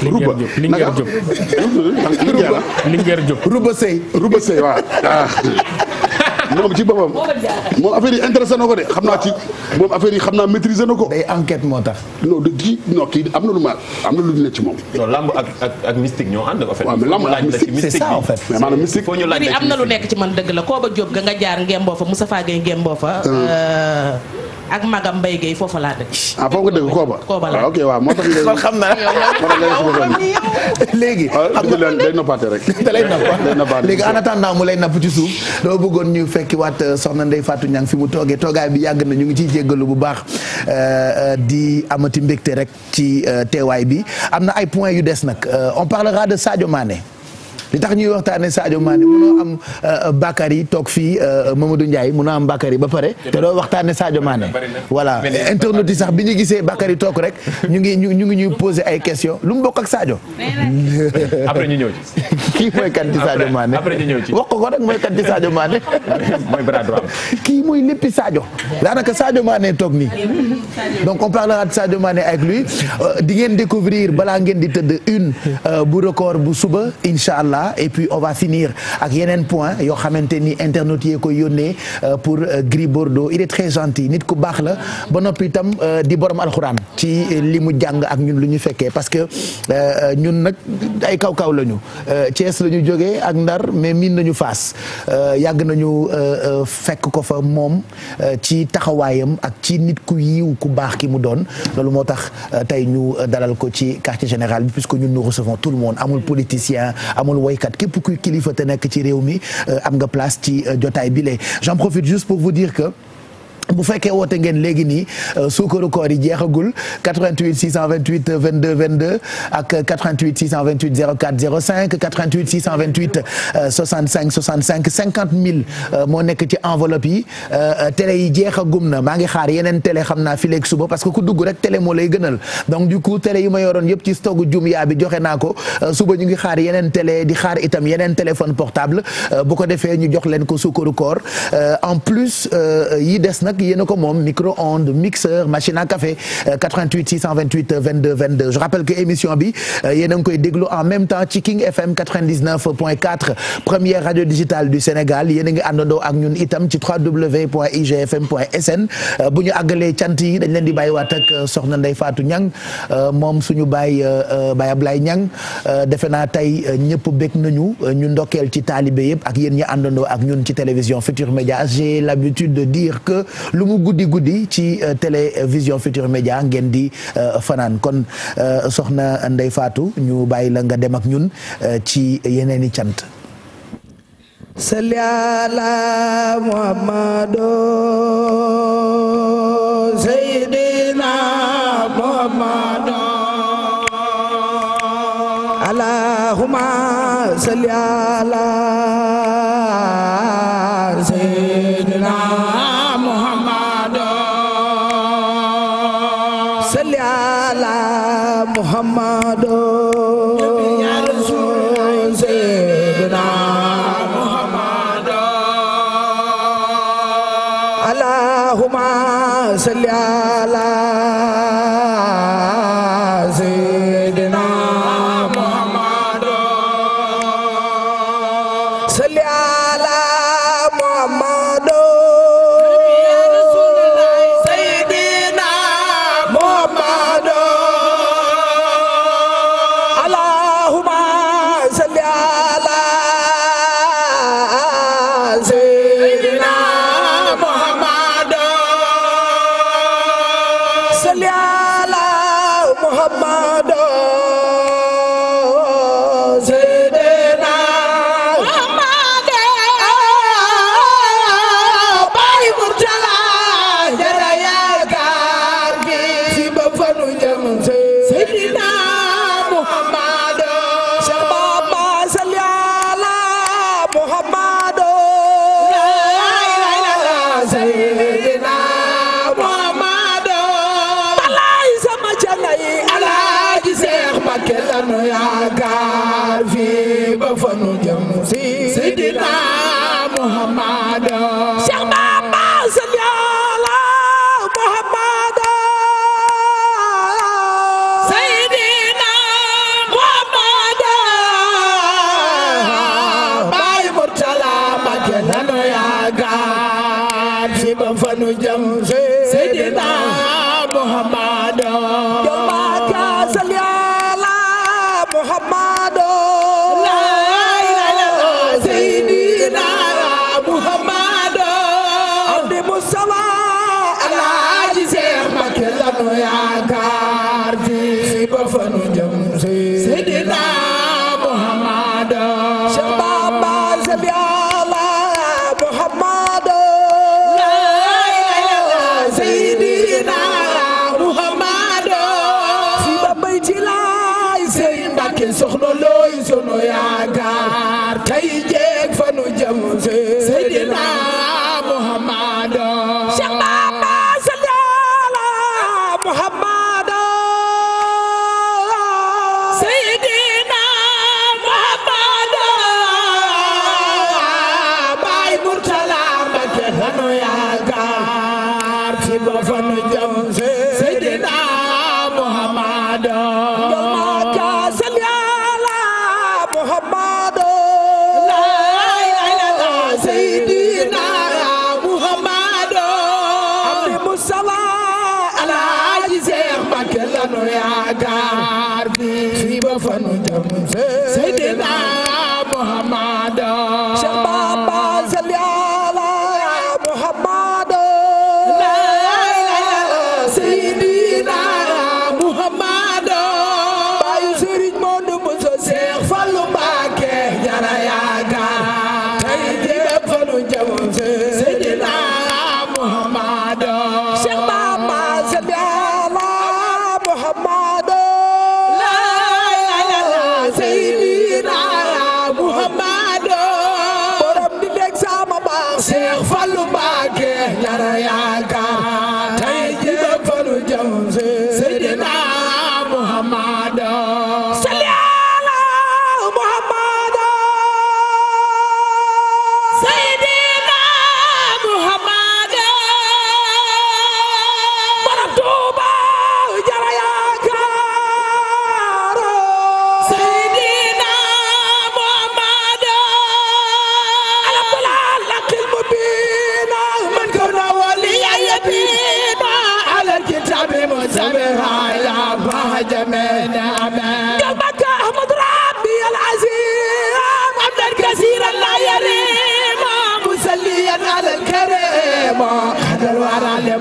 Ruba Linguère ah. Ruba Sey Ruba moom ci boppam moom affaire yi intéressé na ko de xam naa ci moom affaire yi xam naa maîtriser na ko. day enquête moo tax. non de kii non am na lu ma am na lu ñu ne ci moom. non lamb ak ak ak mystique ñoo am na lu nekk ci man dëgg la Koba Diop ga nga jaar ngemboo fa Moussa Faye ngemboo fa. Euh. Euh, ak magam mbay Gueye foofa laa dëkk. Ah, foofu nga dëkk Kooba. Kooba laa ah, ok waaw moo tax xam naa léegi. Ah, xam nga day noppaate rek. da lay nappaat léegi en attendant mu lay napp ci suuf. doo bëggoon ñu fekki waat euh, soxna Ndeye Fatou Niang fi mu toogee toogaay bi yàgg na ñu ngi ciy jéggalu bu baax euh, euh, di amati mbégte rek ci teewaay bi am na ay point yu des nag on parlera de Sadio Mané. li tax ñuy waxtaanee Sadio Mané munoo am euh, Bakary toog fii euh, Mamadou Ndiaye munoo am Bakary ba pare te doo waxtaanee Sadio Mané voilà internautes yi sax bi ñu gisee Bakary toog rek ñu ngi ñu ngi ñuy poser ay questions lu mu bokk ak Sadio. après ñu ñëw ci. kii mooy kan ci Sadio Mané après ñu ñëw ci. wax ko ko rek mooy kan ci Sadio Mané. mooy bras droit kii mooy léppi Sadio daanaka Sadio Mané toog nii donc on parlera de Sadio Mané avec euh, di ngeen découvrir balaa ngeen di tëdd une bu record bu suba incha allah. voilà et puis on va finir ak yeneen point yoo xamante ni internautes yee koy yónnee euh, pour euh, Gris Bordeaux il est très gentil nit ku baax la ba noppi itam euh, di borom alxuraan ci li mu jàng ak ñun lu ñu fekkee parce que ñun nag ay kaw kaw lañu ñu Thiès la ñu jógee ak Ndar mais miin nañu Fass yàgg nañu fekk ko fa moom ci taxawaayam ak ci nit ku yiw ku baax ki mu doon loolu moo tax tey ñu dalal ko ci quartier général bi puisque ñun nous recevons tout le monde amul politicien waykat képp kuy kilifa te nekk ci réew mi euh, am nga place ci euh, jotaay bile lee j'en profite juste pour vous dire que bu fekkee woote ngeen léegi nii euh, suukaru koor yi jeexagul 88 628 22 22 ak 88 628 04 05 88 628 65 65 50 000 moo nekk ci enveloppe yi euh, euh, télé yi jeexagum na maa ngi xaar yeneen télé xam naa fii léegi suba parce que ku dugg rek télé moo lay gënal donc du coup télé yi ma yoroon yëpp ci stocku jum yaa bi joxe naa ko suba ñu ngi xaar yeneen tele di xaar itam yeneen téléphone portable bu ko defee ñu jox leen ko suukaru koor en plus yi des nag. nag yéen a ko moom micro-ondes mixeur machine à café 88 628 22 22 je rappelle que émission bi euh, yéen a ngi koy déglu en même temps ci King FM 99.4 première radio digitale du Sénégal yéen a ngi àndandoo ak ñun itam ci www.igfm.sn euh, bu ñu àggalee cant yi dañ leen di bàyyiwaat ak euh, soxna Ndeye Fatou Niang moom suñu baay baay Ablaye Niang defe naa tey ñëpp bég nañu ñu ndokeel ci taalibe yëpp ak yéen ñi àndandoo ak ñun ci télévision Futur Média j'ai l'habitude de dire que lu mu guddi guddi ci euh, télévision euh, Futur Média ngeen di euh, fanaan kon soxna Ndeye faatu ñu bàyyi la nga dem ak ñun ci yeneen i cant. Salli ala Seydina Muhammadu Seydina Muhammad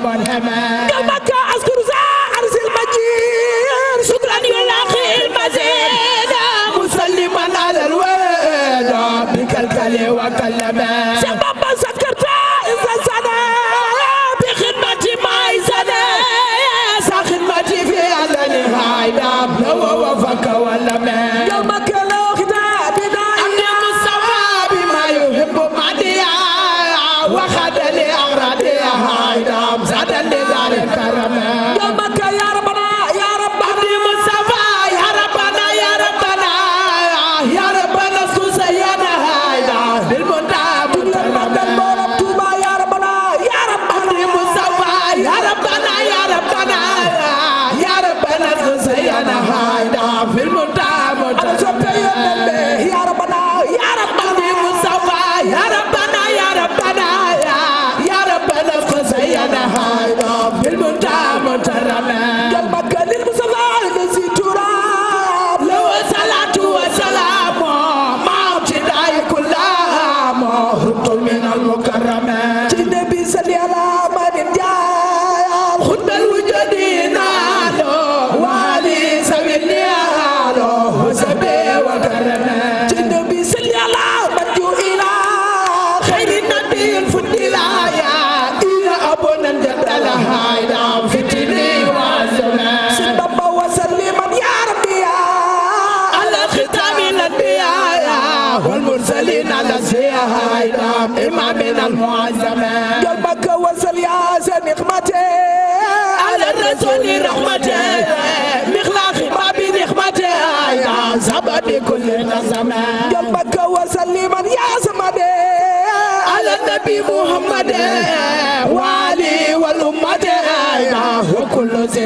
والهمام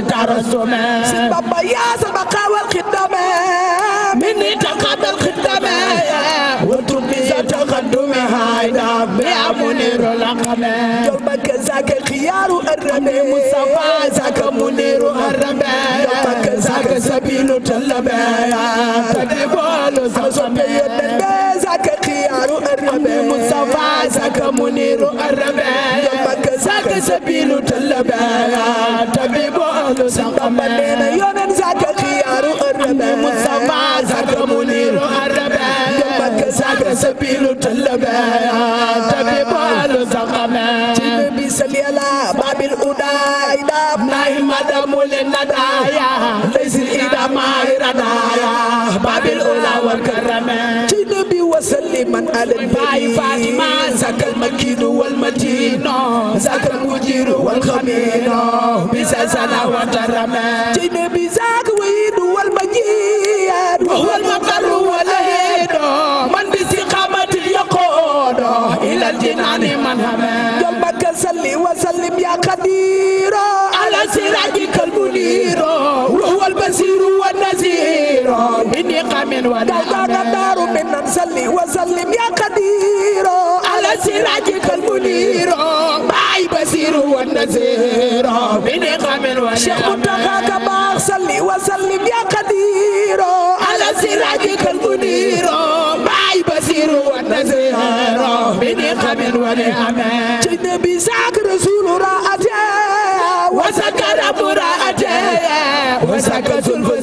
ترسما بابا يا سبقا والخدمة مني تقبل خدمة وتربي تقدم هايدا يا منير الأقمة يومك زاك خيار الرمي مصطفى زاك منير الرمي يومك زاك سبيل تلبى تدبول سبيل زاك خيار الرمي مصطفى زاك منير الرمي sabilu tallaba tabibu ahlu saqama neena yonen zaka xiyaaru arraba mustafa zaka muniru arraba jëmbak zaka sabilu tallaba tabibu ahlu saqama bi saliyala babil uday dab nay madamu le nadaya laysil idama radaya babil ula wal karama دائما على النبي ذاك المكين والمتين ذاك المجير والخمين بسسنا وترما جنبي ذاك وين والمجيد وهو المقر والهيد من بسقامة يقود إلى الجنان من هما جنبك صلي وسلم يا قدير على سراجك المنير وهو البصير والنذير بنقم ونعمة وسلم وسلم يا قدير على سراجك المنير باي بصير والنذير بنقم ونعم شيخ منتقاك باغ سلم وسلم يا قدير على سراجك المنير باي بصير والنذير بنقم ونعم جنبي ساك رسول رأته وسكر مرأته وسكر سلف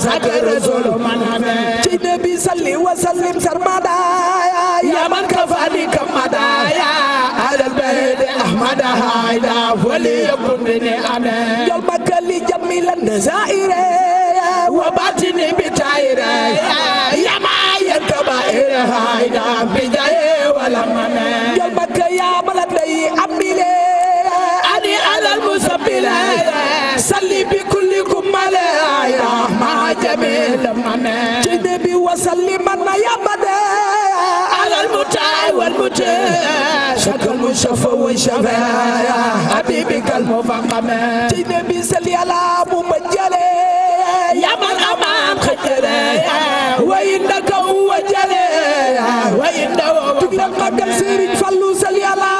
أمسك الرسول من همه جنبي صلي وسلم سرمدا يا من كفاني كمدا يا على البيت أحمد هايدا وليكن بني أنا يا المكالي جميلا زائرة وباتني بتايرة يا ما ينتبه هايدا بجاي ولا منه يا المكالي يا بلدي أميلي أني على المسبلة صلي بكل كمالة وسلمن يا بدا على المتع والمجاه شكر المشفى والشفايا حبيبك المفقمة تنبي سلي على أبو مجالي يا من أمام خجلي وإنك هو جلي وإنه تقدم قدم سيرك فلو سلي على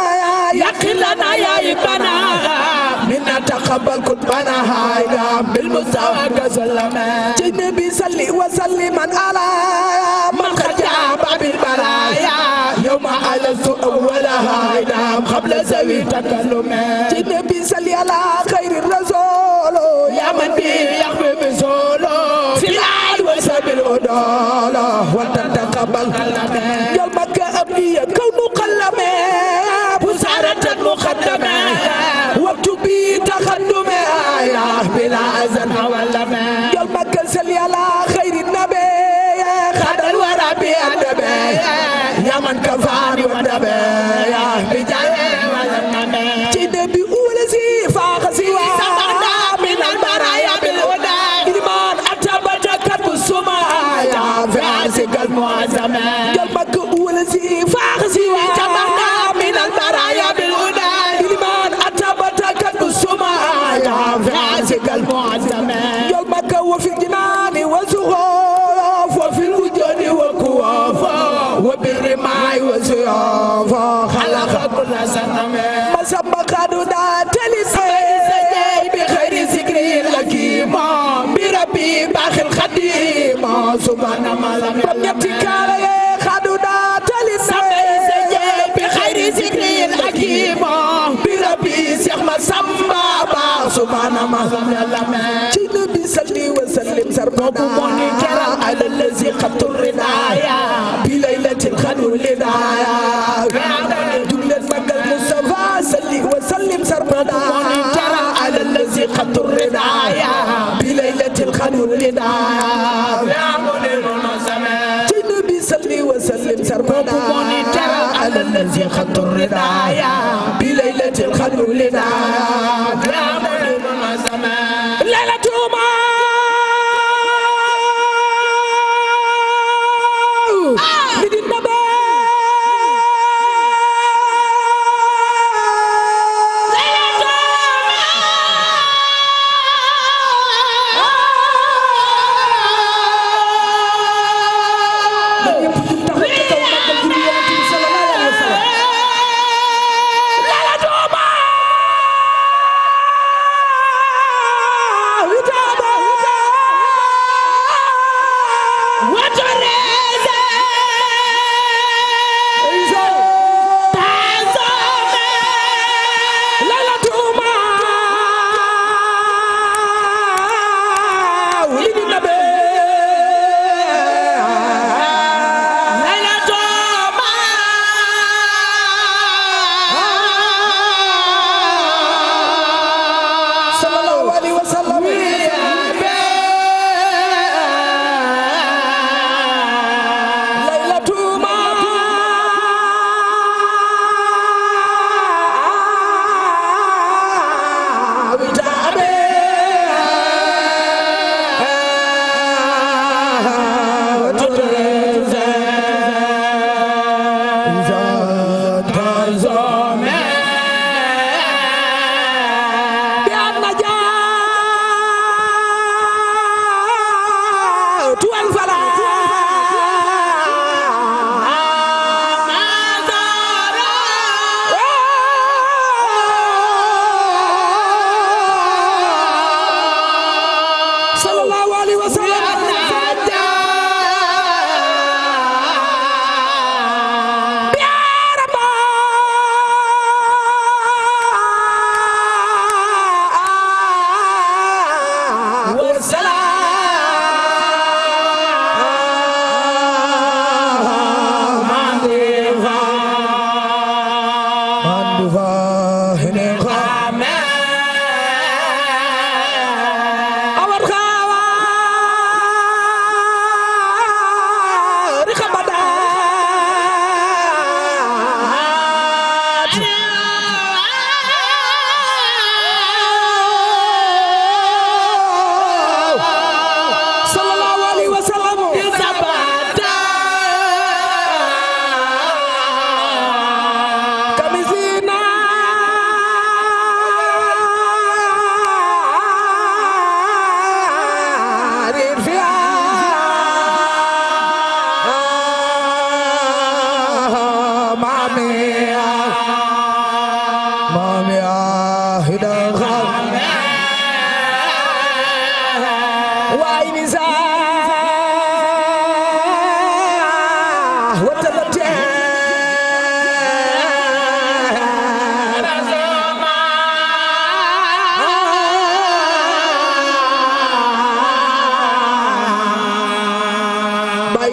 يقل لنا يا ابنا منا تقبل كتبنا هايدا بالمستوى كسلما جنبي صلي وسلم على من قد جاب بالبرايا يوم ألست أول هايدا قبل سوي تكلما جنبي صلي على خير الرسول يا من به يخبي بسولو في العال وسب الأدالة وتتقبل يومك أبنية كون قلمي زيارة مقدمة وابتبي تخدمة يا بلا أذن ولمة يوم كسل على خير النبي خد الورى بأدبه يا من كفى ba ñetti kaala yee xadu daa tali sabay sa jee bi xayri zikril akimo bi rabbi Seex Masamba Ba subhana ma ci nabi salli wa sallim sarbada mu ngi keral ala lazi xabtu ridaaya bi laylatin xadu lidaaya duglet magal Mustafa salli wa sallim sarbada ala lazi xabtu ridaaya bi laylatin xadu lidaaya ترقب منيتا على الذي خط الردايا بليلة الخلو لنا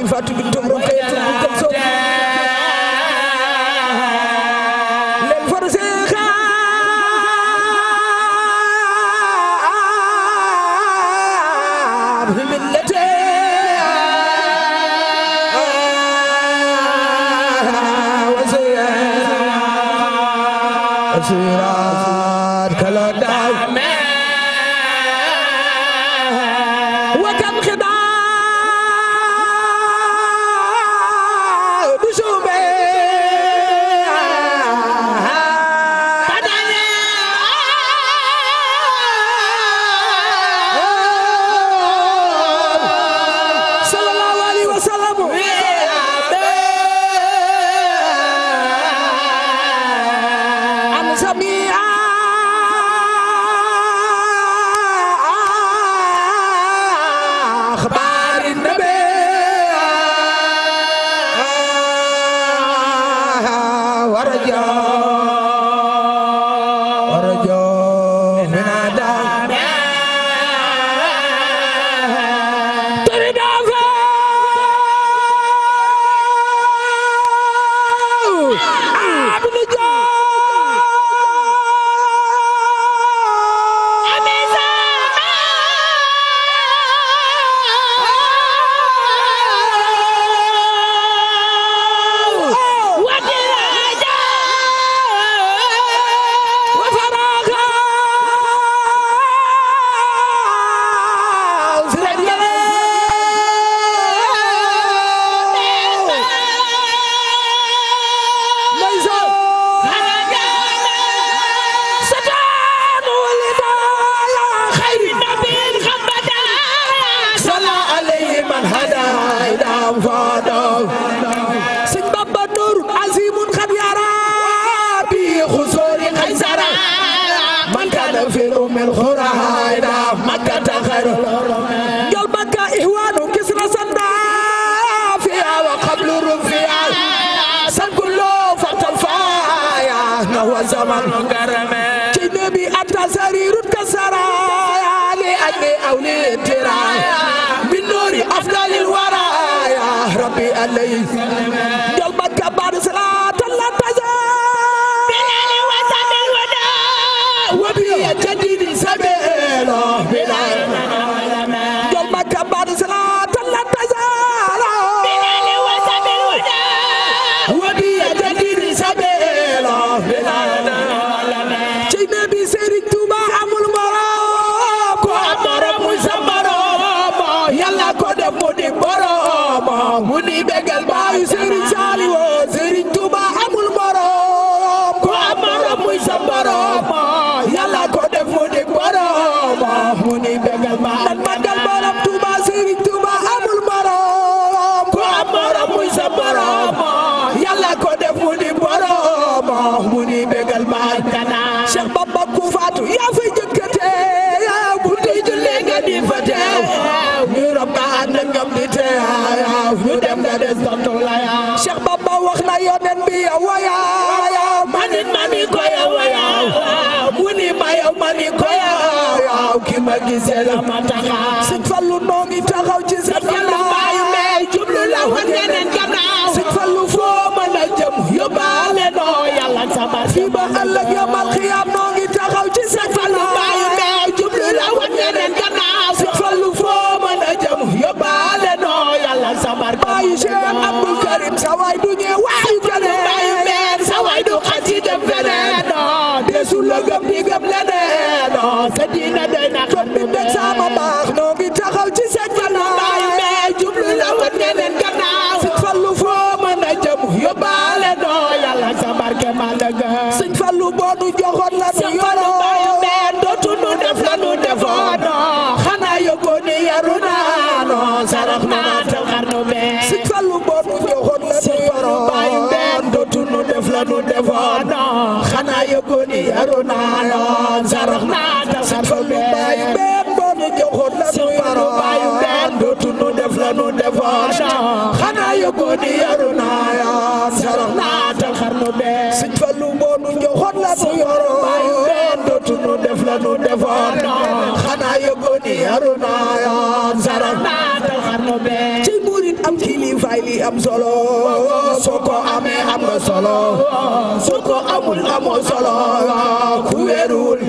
il bégal ba ma gisee la ma taxaw sëñ Fallu noo ngi taxaw ci sa ginnaaw bàyyi mee jublu la wan ñeneen gannaaw sëñ Fallu foo mën a jëm yóbbaale noo yàlla sa barke fii ba ëllëg yomal xiyaam noo ngi taxaw ci sa ginnaaw bàyyi mee jublu la wan ñeneen gannaaw sëñ Fallu foo mën a jëm yóbbaale noo yàlla sa barke bàyyi Cheikh Abdou Karim sa waay du ñëw la gëm di gëm leneen non oh, sa diine doy na xam bi bég sama baax noo ngi taxaw ci sa gannaaw bàyyi mais jublu la wan ñeneen gannaaw sëñ Fallu foo mën a jëm sa barke ma la gëm sëñ Fallu boo nu joxoon la nu yoroo xanaa yóbboo ni yaru defoona xanaa yëgoo ni yaru naa yoon sarax naa tasat fa bay benn boobu joxoon la nu yaru bay benn dootu nu def la nu defoona xanaa yëgoo ni yaru naa yoon sarax naa taxar nu benn sëñ fa lu boonu joxoon la nu yaru bay benn dootu nu def la nu defoona xanaa yëgoo ni yaru naa yoon sarax naa taxar nu benn li am solo soo ko amee am nga solo soo ko amul amoo solo ku weerul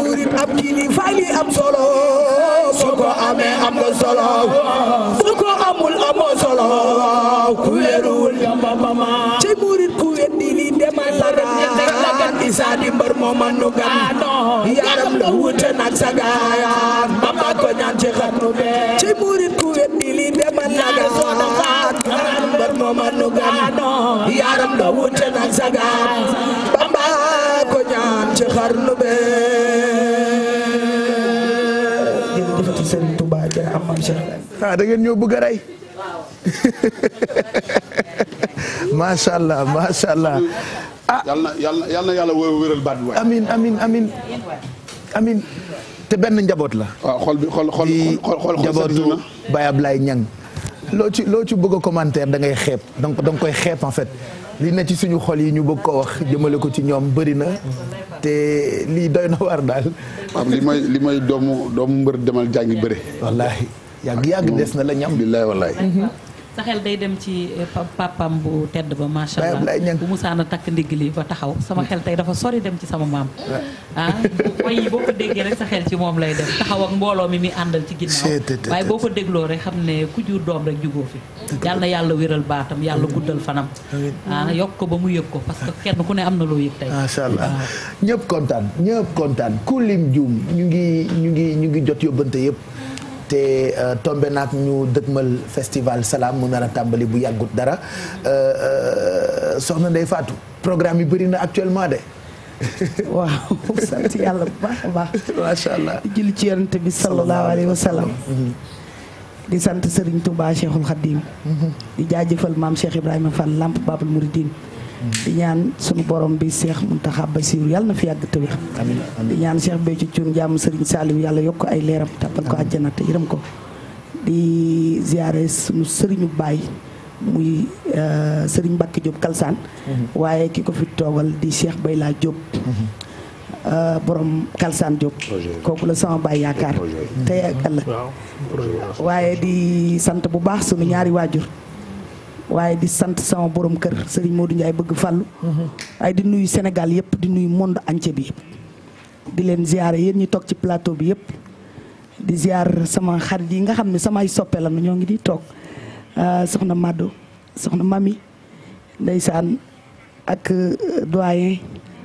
murit am kilifa li am solo soo ko amee am nga solo soo ko amul amoo solo ku weerul ci murit ku weddi li demal la daan isa di mbër moo man nu gan yaram la wute nag sa gaan bamba ko ñaan ci xat nu bee ci murit ku weddi li demal la daan Omar nu gaano yaram da wute nak sagaan Bamba ko ñaan ci xarnu be jërëjëfati Serigne Touba jërë am maam Cheikh ah da ngeen ñoo bëgg a rey macha allah macha allah ah yal na yal na yàlla wéral baat bi waay amin amin amin amin te benn njaboot la waaw xol bi xol xol xol xol njabootu Baye Ablaye Niang loo ci loo ci bëgg a commentaire da ngay xeeb donc da koy xeeb en fait li ne ci suñu xol yi ñu bëgg ko wax jëmale ko ci ñoom bëri na te lii doy na waar daal. am li may li may doomu doomu mbër demal jàngi bëre. wallaahi yàgg yàgg des na la ñam. billaay wallaay. Mhm. sa xel day dem ci eh, papam bu tedd ba macha allah bu musaana takk ndigg li ba taxaw sama xel tey dafa sori dem ci sama maam ah way yi boo ko déggee rek moom lay dem taxaw mbooloo mi muy àndal ci ginnaaw waaye boo ko dégloo rek xam ne ku jur doom rek jugoo fi yàlla na yàlla wéral baatam yàlla guddal fanam ah yokk ko ba mu yëg ko parce que kenn ku ne am na loo yëg tey macha allah ah. ñëpp kontaan ñëpp kontaan ku lim juum ñu ngi ñu ngi ñu ngi jot yóbbante yëpp te euh, tombe naag ñu dëgmal festival salaam mu nar a tàmbali bu yàggut dara euh, euh, soxna Ndeye Fatou programme yi bëri na actuellement de. waaw sant yàlla baax baax. macha allah di julli ci bi sallallahu alayhi wa di sant Serigne Touba Cheikhul Khadim. Mm-hmm. di jaajëfal maam Cheikh Ibrahima Fall Lamp Babul Mouridine. di ñaan sunu borom bi Cheikh Mountakha Bassirou yàlla na fi yàgg te wér di ñaan Cheikh Béthio Thioune jàmm Serigne Saliou yàlla yokk ay leeram tàbbal ko àjjana te yërëm ko di ziare sunu sëriñu baay muy euh, Serigne Mbacke Diop Kalsaan mhm. waaye ki ko fi toogal di Cheikh Bayla Diop mhm. euh, borom Kalsaan Diop kooku la sama baay yaakaar tey ak waaye di sant bu baax sunu ñaari waajur waaye di sant sama borom kër sëriñ moo Modou Ndiaye bëgg fàllu waaye di nuyu Sénégal yëpp di nuyu monde entier bi di leen ziare yéen ñi toog ci plateau bi yëpp di ziar sama xarit yi nga xam ne samay soppe la ñoo ngi di toog euh, soxna Mado soxna Mami ndeysaan ak euh, doyen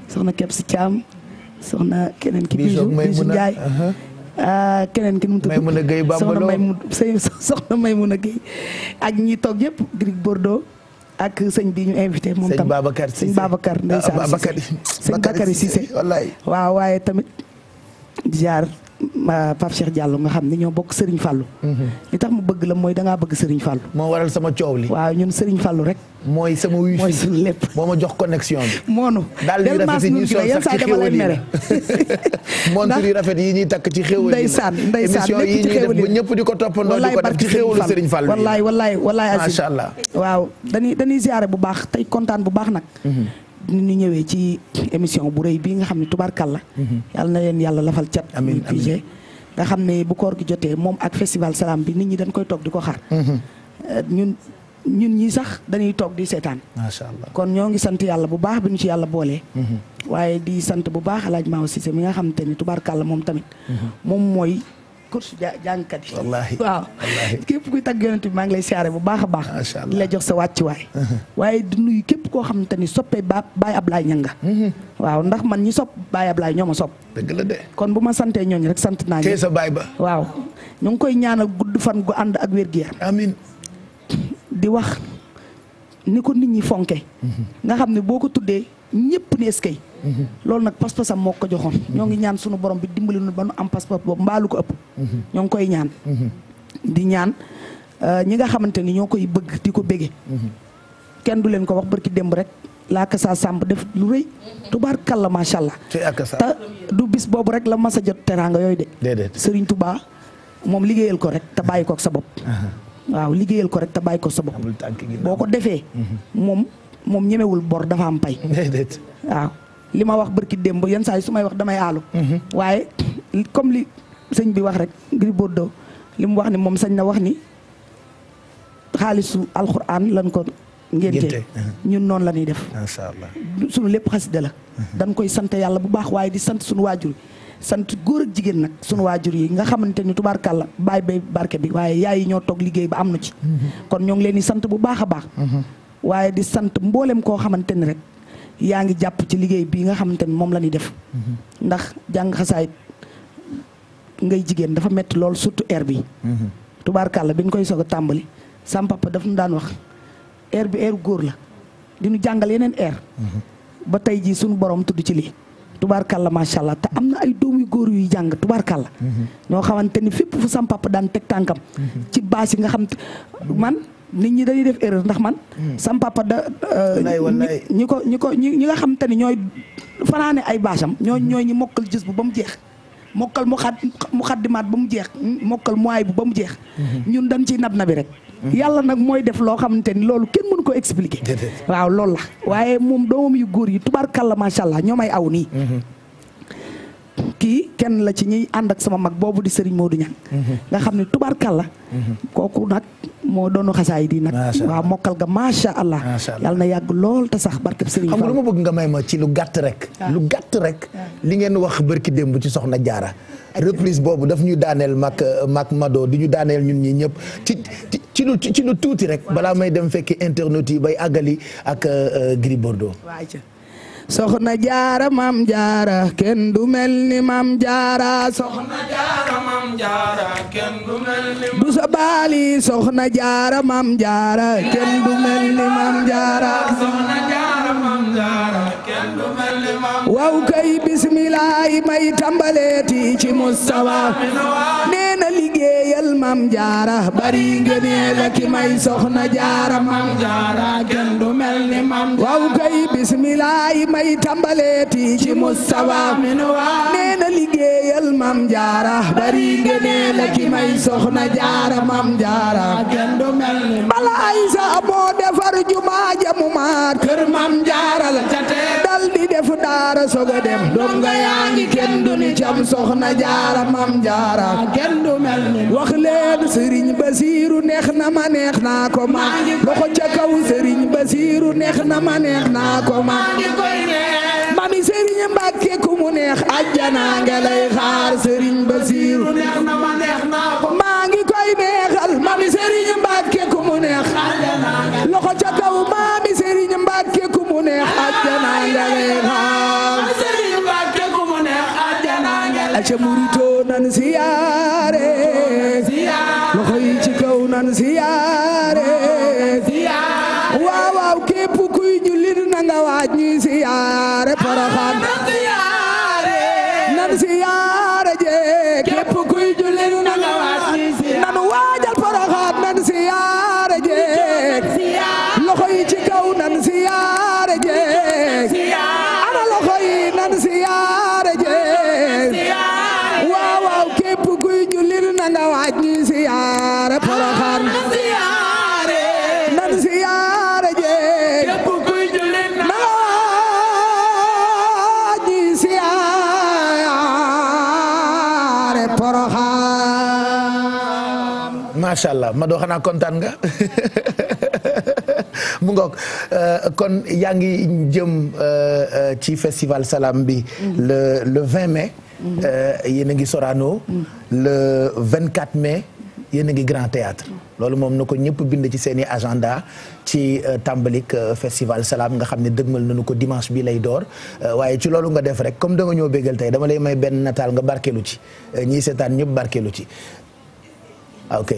soxna Kebs Thiam soxna keneen ki Bijou Bijou Ndiaye uh-huh. Euh, keneen ki nu mu tudd Maymuna Gueye Bambalo soxna Maymuna Gueye ak ñi toog yëpp Gris Bordeaux ak sëñ bi ñu invité moom tam sëñ Babacar ah, Cissé sëñ Babacar ndeysaan Cissé sëñ Bakary Cissé wallaay waaw waaye tamit jaar Pape Cheikh Diallo nga xam ne ñoo bokk Serigne Fallou. Mhm. li tax mu bëgg la mooy dangaa bëgg Serigne Fallou. moo waral sama coow li. waaw ñun Serigne Fallou rek. mooy sama wifi mooy suñu lépp. moo ma jox connexion bi. moonu. daal di rafet yi ñuy sol sax ci xéwal yi montre yi takk ci xéwal yi. ndeysaan ndeysaan lépp ci xéwal yi émission yi ñuy def ba ñëpp di ko toppandoo di ko def ci xéwalu Serigne Fallou. waaw dañuy dañuy ziare bu baax tey kontaan bu baax nag. Mhm. ni ñu ñëwee ci émission bu rëy bi nga xam ne tubarkalla. Mhm. yàlla na leen yàlla lafal cat. amiin amiin nga xam ne bu koor gi jotee moom ak festival salaam bi nit ñi dañ koy toog di ko xaar. Mhm. Euh, ñun ñi ñii sax dañuy toog di seetaan. macha allah kon ñoo ngi sant yàlla bu baax bi ñu ci yàlla boolee. Mhm. waaye di sant bu baax El Hadj Maodo Cissé mi nga xam te ni tubarkalla moom tamit. moom mooy. course jàngkat yi. wallaahi waaw képp kuy tagg yonent bi maa ngi lay siyaare bu baax a baax. lay jox sa wàccuwaay. Uh-huh. waaye di nuyu képp koo xamante ni soppee baay Baye Ablaye ñanga uh-huh. waaw ndax man ñi sopp baay Ablaye ñoo ma sopp. dëgg la kon bu ma santee ñooñ rek sant naa. tey sa baay ba. waaw ñu ngi koy ñaan a gudd fan gu ànd ak wér gu yaram. amiin di wax ni ko nit ñi fonke uh-huh. nga xam ne boo ko tuddee ñëpp ne eskay loolu nag pas-pasam moo ko joxoon ñoo ngi ñaan sunu borom bi dimbali nu ba nu am pas-pas boobu mbaalu ko ëpp ñoo ngi koy ñaan di ñaan euh, ñi nga xamante ni ñoo koy bëgg di ko bége kenn du leen ko wax barki demb rek laa Kassa Samb def lu rëy tubaar kàlla macha allah te du bis boobu rek la mas jot teraanga yooyu de déedéet Serigne Touba moom liggéeyal ko rek te bàyyi kook sa bopp waaw liggéeyal ko rek te bàyyi ko sa bopp boo ko defee mhm. moom moom ñemewul bor dafa am pay waaw li ma wax bërki démb yan saa yi su may wax damay aalu mhm. waaye comme li sañ bi wax rek Gris Bordeaux li mu wax ni moom sañ na wax ni xaalisu alxuraan lan ko ngénte mhm. ñun noonu la ñuy def macha allah lépp xasida la mhm. dañ koy sant yàlla bu baax waaye di sant suñu waajur sant góor ak jigéen nag suñu waajur yi nga xamante ni tubaarkàlla baay bay barke bi waaye yaay yi ñoo toog liggéey ba am na ci kon ñoo ngi leen di sant bu baax a baax waaye di sant mboolem koo xamante ni rek yaa ngi jàpp ci liggéey bi nga xamante ni moom la ñuy def mm-hmm. ndax jàng xasaayit ngay jigéen dafa metti lool surtout air bi tubaar mm-hmm. tubaarkàlla bi ñu koy soog a tàmbali sam papa daf ñu daan wax air bi air góor la di ñu jàngal yeneen air mm-hmm. ba tey jii suñu borom tudd ci lii tubaarkàlla macha allah te am na ay doomu góor yuy jàng tubaarkàlla ñoo xamante ni fépp fu sam daan teg tànkam ci baas nga xam man nit ñi dañuy def erreur ndax man. Hmm. sam papa da. Euh, ñi ko ñi ko ñi ñi nga xam te ni ñooy fanaane ay baasam. ñooy hmm. ñooy ñi mokkal jës bu ba mu jeex. mokkal mu xad mu xaddimaat ba mu jeex mokkal muwaay bu ba mu jeex. Hmm. ñun dañ ciy nab nabi rek. yàlla nag mooy def loo xamante ni loolu kenn mënu ko expliquer. waaw loolu la waaye moom doomam yu góor yi tubaarkalla macha allah ñoom ay aw nii. kii kenn la ci ñiy ànd ak sama mag boobu di Serigne Modou Niang mm-hmm. nga xam ne tubaarkàlla mm-hmm. kooku nag moo doonu xasaay di nag waaw mokkal ga macha allah yàlla na yàgg lool te sax barkeb Serigne xam nga lu ma bëgg nga may ma ci lu gàtt rek ah. lu gàtt rek ah. li ngeen wax bërki démb ci soxna jaara reprise boobu daf ñu daaneel mag mag Mado di ñu daaneel ñun ñi ñëpp ci ci lu ci lu tuuti rek balaa may dem fekki internet yi bay àggali ak euh, euh, Gris Bordeaux soxna jaara maam jaara kenn du mel ni maam jaara soxna jaara du mel soxna jaara maam jaara kenn du mel ni maam jaara soxna jaara may tambaleeti ci mustawa mam jaara bari ngeen la ki may soxna jaara mam jaara kenn du mel ni mam waaw kay bismilaay may tambaleeti ci mustawa nee na liggéeyal mam jaara bari ngeen la ki may soxna jaara mam jaara kenn du mel ni balaay sa moo defar jumaa jamu maat kër mam jaara la ca tee dal di def daara soga dem donga yaa ngi kenn du ni cam soxna jaara mam jaara kenn du mel ni leen sëriñ Basiiru neex na ma neex naa ko ma loxo ca kaw sëriñ Basiiru neex na ma neex naa ko ma mami sëriñ Mbàkke ku mu neex ajjana nga lay xaar sëriñ Basiiru maa ngi koy neexal mami sëriñ Mbàkke ku mu neex loxo ca kaw mami sëriñ Mbàkke ku mu neex ajjana nga lay xaar sëriñ Mbàkke ku mu neex ajjana nga lay xaar ca murito nan siya nan siyaare waaw waaw képp kuy jullit na nga waaj ñuy siyaare Porokhane nan siyaare je képp kuy jullit na nga waaj ñuy siyaare nan waajal Porokhane nan siyaare je loxo yi ci kaw nan siyaare je ana loxo yi nan siyaare je waaw waaw képp kuy jullit na nga waaj ñuy siyaare macha allah ma doo xanaa kontaan nga mu ngoog euh, kon yaa ngi jëm euh, euh, ci festival salaam bi le le 20 mai yéen a ngi Sorano le mais mai yéen a ngi Grand Théâtre loolu moom na ko ñëpp bind ci seen i agenda ci tàmbalik festival Salam nga xam ne dëgmal nañu ko dimanche bi lay door waaye ci loolu nga def rek comme da nga ñëw bégal tey dama lay may benn nataal nga barkeelu ci ñii seetaan ñëpp barkeelu ci Ah, ok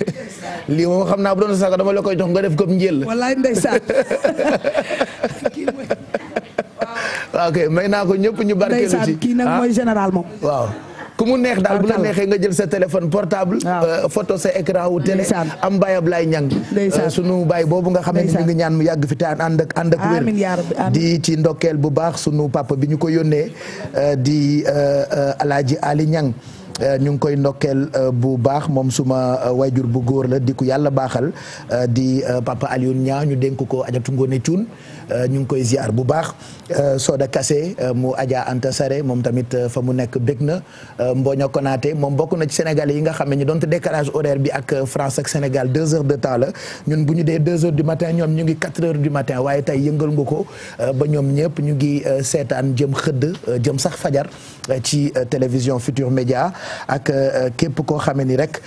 lii moom xam naa bu doon saako dama la koy jox nga def ko njël. wallaay ndeysaan. Ah, ok naa ko ñëpp ñu barkeelu nag ah. mooy général moom. waaw. ku mu neex daal bu la neexee nga jël sa téléphone portable euh, photo sa écran wu télé am Baye Ablaye Niang euh, sunu baay boobu nga xam ne mi ngi ñaan mu yàgg fi te ànd ak ànd ak wér di ci ndokkeel bu baax sunu papa bi ñu koy yónnee euh, di Alaaji Ali Niang Euh, ñu ngi koy ndokkeel euh, bu baax moom suma euh, waajur bu góor la di ku yàlla baaxal di papa Alioune Niang ñu dénk ko ajatu ngoone cuun ñu ngi koy ziar bu baax Euh, Soda Kassé euh, mu Adja Anta Saré moom tamit euh, fa mu nekk bég na Mboño Konaté moom bokk na ci Sénégal yi nga xam ne ñu doonte décalage horaire bi ak France ak Sénégal deux de temps la ñun bu ñu dee deux heures du matin ñoom ñu ngi quatre heures du matin waaye tey yëngal nga ko ba ñoom ñëpp ñu ngi seetaan jëm xëdd jëm sax fajar ci télévision Futur Média ak képp koo xamee ni rek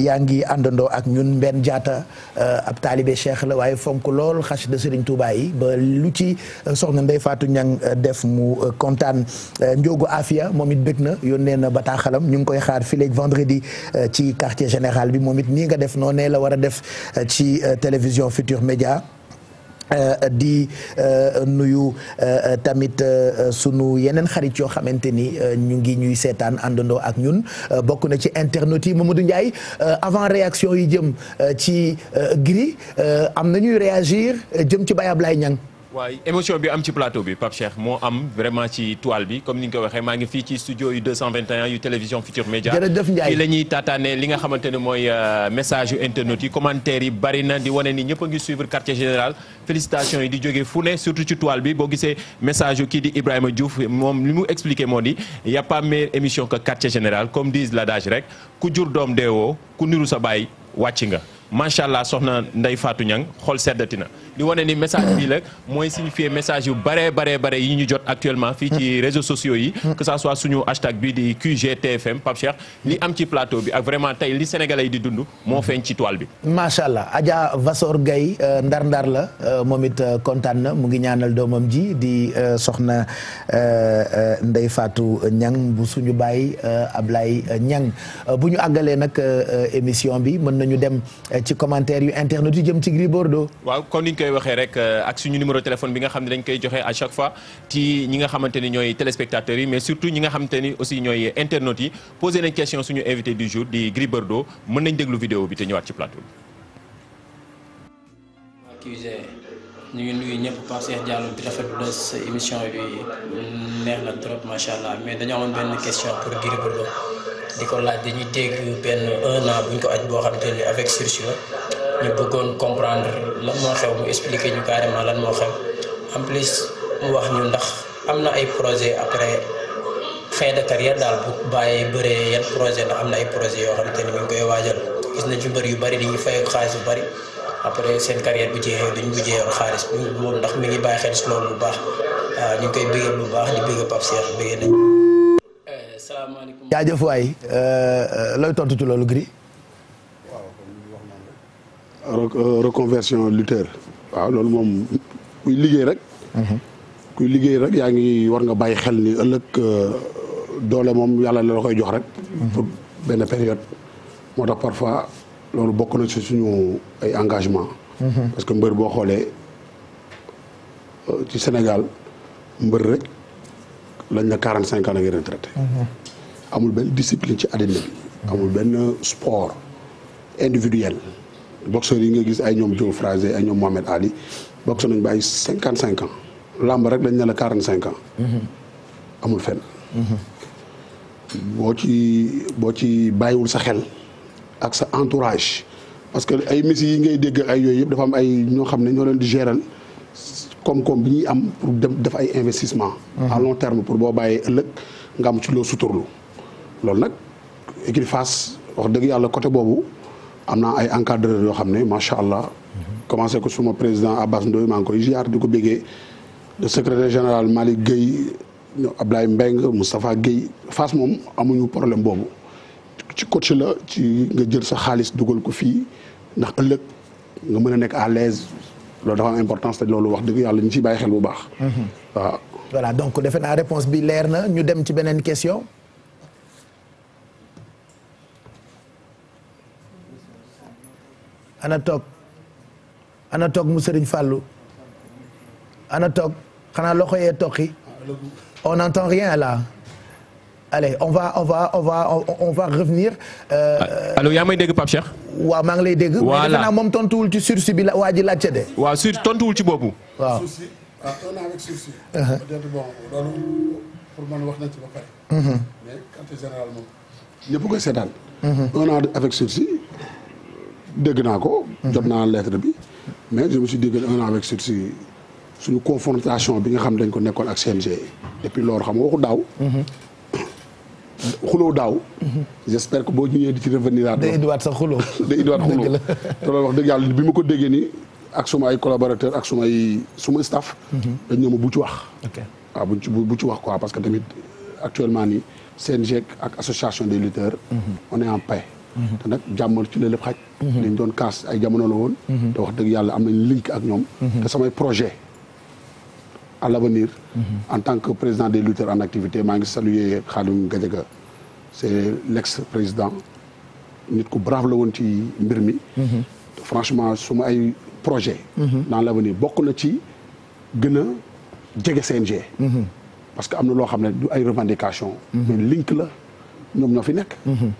yaa ngi àndandoo ak ñun Mbène jaata ab taalibe Cheikh la waaye fonk lool xas de yi Fatou Niang euh, def mu euh, kontaan euh, njoogu Afia moom it bëgg na yónnee na bataaxalam ñu ngi koy xaar fileeg vendredi ci quartier général bi moom it nii nga def noonu ne la war a def ci télévision Futur Média di nuyu tamit sunu yeneen xarit yoo xamante ni ñu ngi ñuy seetaan àndandoo ak ñun bokk na ci internet yi Mamadou Ndiaye avant réaction yi jëm ci Gris am na ñuy réagir jëm ci Baye Ablaye Niang waaye émotion bi am ci plateau bi Pape Cheikh moo am vraiment ci toile bi comme ni nga ko waxee maa ngi fii ci studio yu 221 yu télévision Futur Média jërëjëf Ndiaye tataane li nga xamante ne mooy euh, message yu internautes yi commentaires yi bari na di wane ni ñëpp a ngi suivre quartier général félicitations yi di joge fu ne surtout ci toile bi boo gisee message yu kii di Ibrahima Diouf moom li mu expliqué moo di y' a pas meilleure émission que quartier général comme disent l'adage rek ku jur doom deewoo ku niru sa baay wàcc nga. macha allah soxna ndey Fatou Niang xol seddati na li wane ni message bii la mooy signifier message yu bare bare bare yi ñu jot actuellement fii ci réseaux sociaux yi hmm. que ça soit suñu hashtag bi di QGTFM Pape Cheikh li am ci plateau bi ak vraiment tey li sénégalais yi di dund moo feeñ ci toile bi macha allah Adja Vassor Gaye euh, ndar ndar la euh, moom it euh, kontaan na mu ngi ñaanal doomam ji di soxna Ndeye faatu Niang bu suñu bàyyi Ablaye Niang bu ñu àggalee nag émission bi mën nañu dem Eh, ci commentaire yu internet yu jëm ci Gris Bordeaux. waaw comme ni ñu koy waxee rek euh, ak suñu numéro téléphone bi nga xam ne dañ koy joxe à chaque fois ci ñi nga xamante ni ñooy téléspectateurs yi mais surtout ñi nga xamante ni aussi ñooy internautes yi posé nañ question suñu invité du jour di Gris Bordeaux mën nañ déglu vidéo bi te ñëwaat ci plateau bi. ñu ngi nuyu ñëpp Pape Cheikh Diallo di rafetlu sa émission bi neex na trop macha mais dañoo amoon benn question pour Gris Bordeaux di ko laaj dañuy dégg benn un an bu ko aj boo xam te ni avec sursis ñu bëggoon comprendre lan moo xew mu expliquer ñu carrément lan moo xew en plus mu wax ñu ndax am na ay projet après fin de carrière daal bu bàyyee bëree yan projet ndax am na ay projet yoo xam te ni ñu koy waajal gis na ci yu bari dañuy fay xaalis bu après seen carrière loolu ndax mi ngi loolu bu baax waaw ah, ñu ngi koy bëggee bu baax di bëgg eh, eh, eh, euh, reconversion lutteur. waaw loolu moom kuy liggéey rek. Mhm. kuy liggéey rek yaa ngi war nga bàyyi xel ni ëllëg euh, doole moom yàlla la koy jox rek. Mhm. pour benn période moo tax parfois. loolu bokk na ci suñu ay engagement mhm. parce que mbër boo xoolee ci Sénégal mbër rek lañ na quarante cinq ans la ngay retraité mhm. amul benn discipline ci àddina bi mhm. amul benn sport individuel boxeur yi nga gis ay ñoom Joe Frazier ay ñoom Mohamed Ali boxe nañ ba ay cinquante cinq ans làmb rek lañ ne la quarante cinq ans amul fenn ci boo ci bàyyiwul sa xel ak sa entourage parce que ay messi yi ngay dégg ay yooyu yëpp dafa am ay ñoo xam ne ñoo leen di géral koom-koom bi ñuy am pour dem def ay investissement mhm. à long terme pour boo bàyyee ëllëg nga am ci loo suturlu loolu nag équipe Fass wax dëgg yàlla côté boobu am naa ay encadreur yoo xam ne macha allah mhm. commencé ko suma président Abbas Ndoye maa ngi koy ziar di ko béggee le secrétaire général Malick Gueye Ablaye Mbengue Moustapha Gueye Fass moom amuñu problème boobu ci coach la ci nga jël sa xaalis dugal ko fii ndax ëllëg nga mën a nekk à l'aise loolu dafa am importance te loolu wax dëgg yàlla ñu ciy bàyyi xel bu baax. Mhm. waaw. voilà donc defe naa réponse bi leer na ñu dem ci beneen question. ana toog ana toog mu Serigne Fallou ana toog xanaa loxo yee toqi on n'entend rien là. allez on va on va va on va revenir. Euh, ah, allo yaa may dégg Pape Cheikh. waaw maa ngi lay dégg. voilà mais defe naa moom tontuwul ci sursis bi la waa ji laajte de. waaw sur tontuwul ci boobu. waaw sursis ah on a avec sursis. Uh-huh. peut-être bon loolu pour man wax nañ ci ba pare. Uh-huh. mais quartier général moom ñëpp koy seetaan. on uh-huh. a avec sursis dégg naa ko. jot naa lettre bi mais je me suis dit que on a avec sursis. suñu confrontation bi nga xam dañ ko nekkoon ak CNG depuis loolu xam nga waxu daaw. xuloo daaw. j'espère que boo ñëwee di ci revenir à. day indiwaat sax xuloo. day indiwaat xuloo te loolu wax dëgg yàlla bi ma ko déggee nii ak suma ay collaborateurs ak suma ay suma staff. Mhm. dañ ne ma bu ci wax. ok bu ci bu ci wax quoi parce que tamit actuellement nii CNG ak association de lutteurs. Mhm. on est en paix. Mhm. te nag jàmmal ci la lépp xaj. dañ doon kaas ay jamono la woon. te wax dëgg yàlla am nañ link ak ñoom. te samay projet à l'avenir en tant que président des lutteurs en activité maa ngi saluer Khadim Gadiaga c'est l'ex-président nit ku brave la woon ci mbir mi franchement suma ay projet dans l'avenir bokk na ci gën a jege CNG parce que am na loo xam ne du ay revendication mhm. link la ñoom ñoo fi nekk mhm.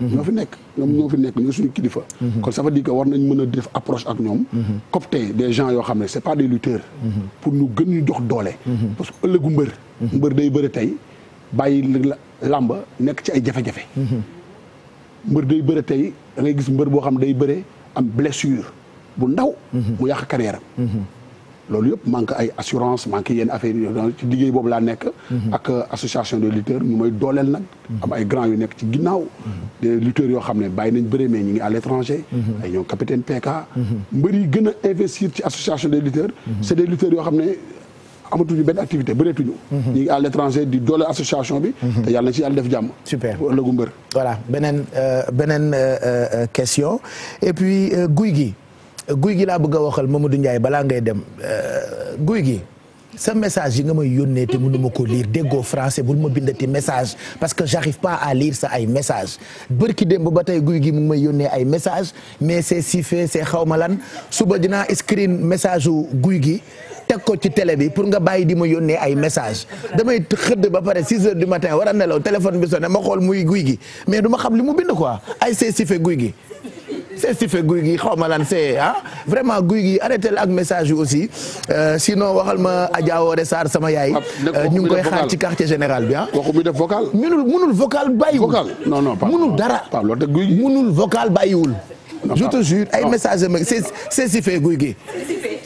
Mm-hmm. ñoo fi nekk ñoom ñoo fi nekk ñoo suñu kilifa. Mm-hmm. kon ça veut dire que war nañ mën a def approche ak ñoom. Mm-hmm. copter des gens yoo xam ne c'est pas des lutteurs. pour ñu gën ñu jox doole. parce que ëllëgu mbër. mbër day bëri tey bàyyi làmb nekk ci ay jafe-jafe. mbër day bëri tey dangay gis mbër boo xam day bëre am blessure bu ndaw. mu yàq carrière loolu yëpp manque ay assurance manque yenn affaire yi ci liggéey boobu laa nekk mhm. ak euh, association de lutteurs ñu may dooleel nag mhm. am ay grands yu nekk ci ginnaaw mhm. des lutteurs yoo xam ne bàyyi nañ bëre mais ñu ngi à l'étranger ay ñoom capitaine PK mbër yi gën a investir ci association des lutteurs c'est des lutteurs yoo xam ne amatuñu benn activité bëreetuñu. ñu ngi à l'étranger di doole association bi. te yàlla na ci yàlla def jàmm. super ëllëgu mbër. voilà beneen euh, beneen euh, question et puis guy gi. guy gi laa bëgg a waxal du Ndiaye balaa ngay dem euh, guy gi sa message yi nga may yónnee te mënu ma ko liir déggoo français bul ma bind bindati message parce que j'arrive pas à liir sa ay message bërki démb ba tey guy gi mu ngi may yónnee ay message mais c'est siffé see xaw ma lan suba dinaa screen message u guy gi teg ko ci télé bi pour nga bàyyi di ma yónnee ay message damay xëdd ba pare 6 heures du matin war a nelaw téléphone bi sonné ma xool muy guy gi mais du ma xam li mu bind quoi guy gi c'est Stephen guy gi xaw ma lan c'est ah vraiment guy gi arrêté la ak message yu aussi euh, sinon waxal ma Adja Woré sama yaay. Ah, euh, ñu ngi koy xaar ci quartier général bi ah. waxu muy vocal. munul munul vocal bàyyiwul. vocal non non munul dara. pas te guy gi munul vocal bàyyiwul. je te jure ay message am c'est c'est siffé guy gi.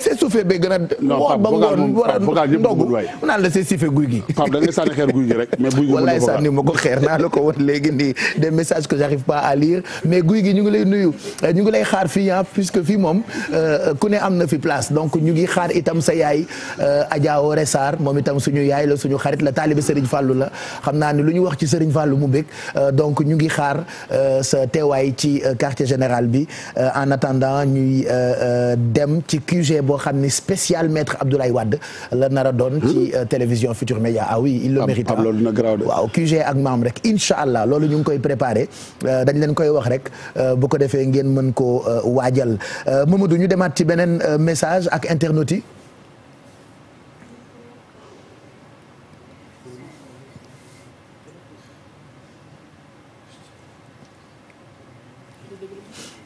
c'est siffé ba gën a. non ba vocal moom Pape vocal yëpp ndogu mu naan la c'est siffé guy gi. Pape da guy gi rek mais guy gi wallaay sànni xeer naa la ko woon léegi nii de messages que j'arrive pas à lire mais guy gi ñu ngi lay nuyu euh, ñu ngi lay xaar fii ah puisque fii moom euh, ku ne am na fi place donc ñu ngi xaar itam sa yaay euh, Adja Aore Sarr moom itam suñu yaay la suñu xarit la taalibe Serigne Fallou la xam naa ne lu ñu wax ci Serigne Fallou mu bëgg donc ñu ngi xaar sa teewaay ci quartier général bi bi euh, en attendant ñuy euh, euh, dem ci QG boo xam ne spécial maître Abdoulaye Wade la nar a doon. ci télévision Futur Média ah oui il le mérite. am ah. waaw QG ak maam rek incha allah loolu ñu ngi koy préparé dañ leen koy wax rek bu ko defee ngeen mën koo waajal Mamadou ñu demaat ci beneen message ak internautes yi.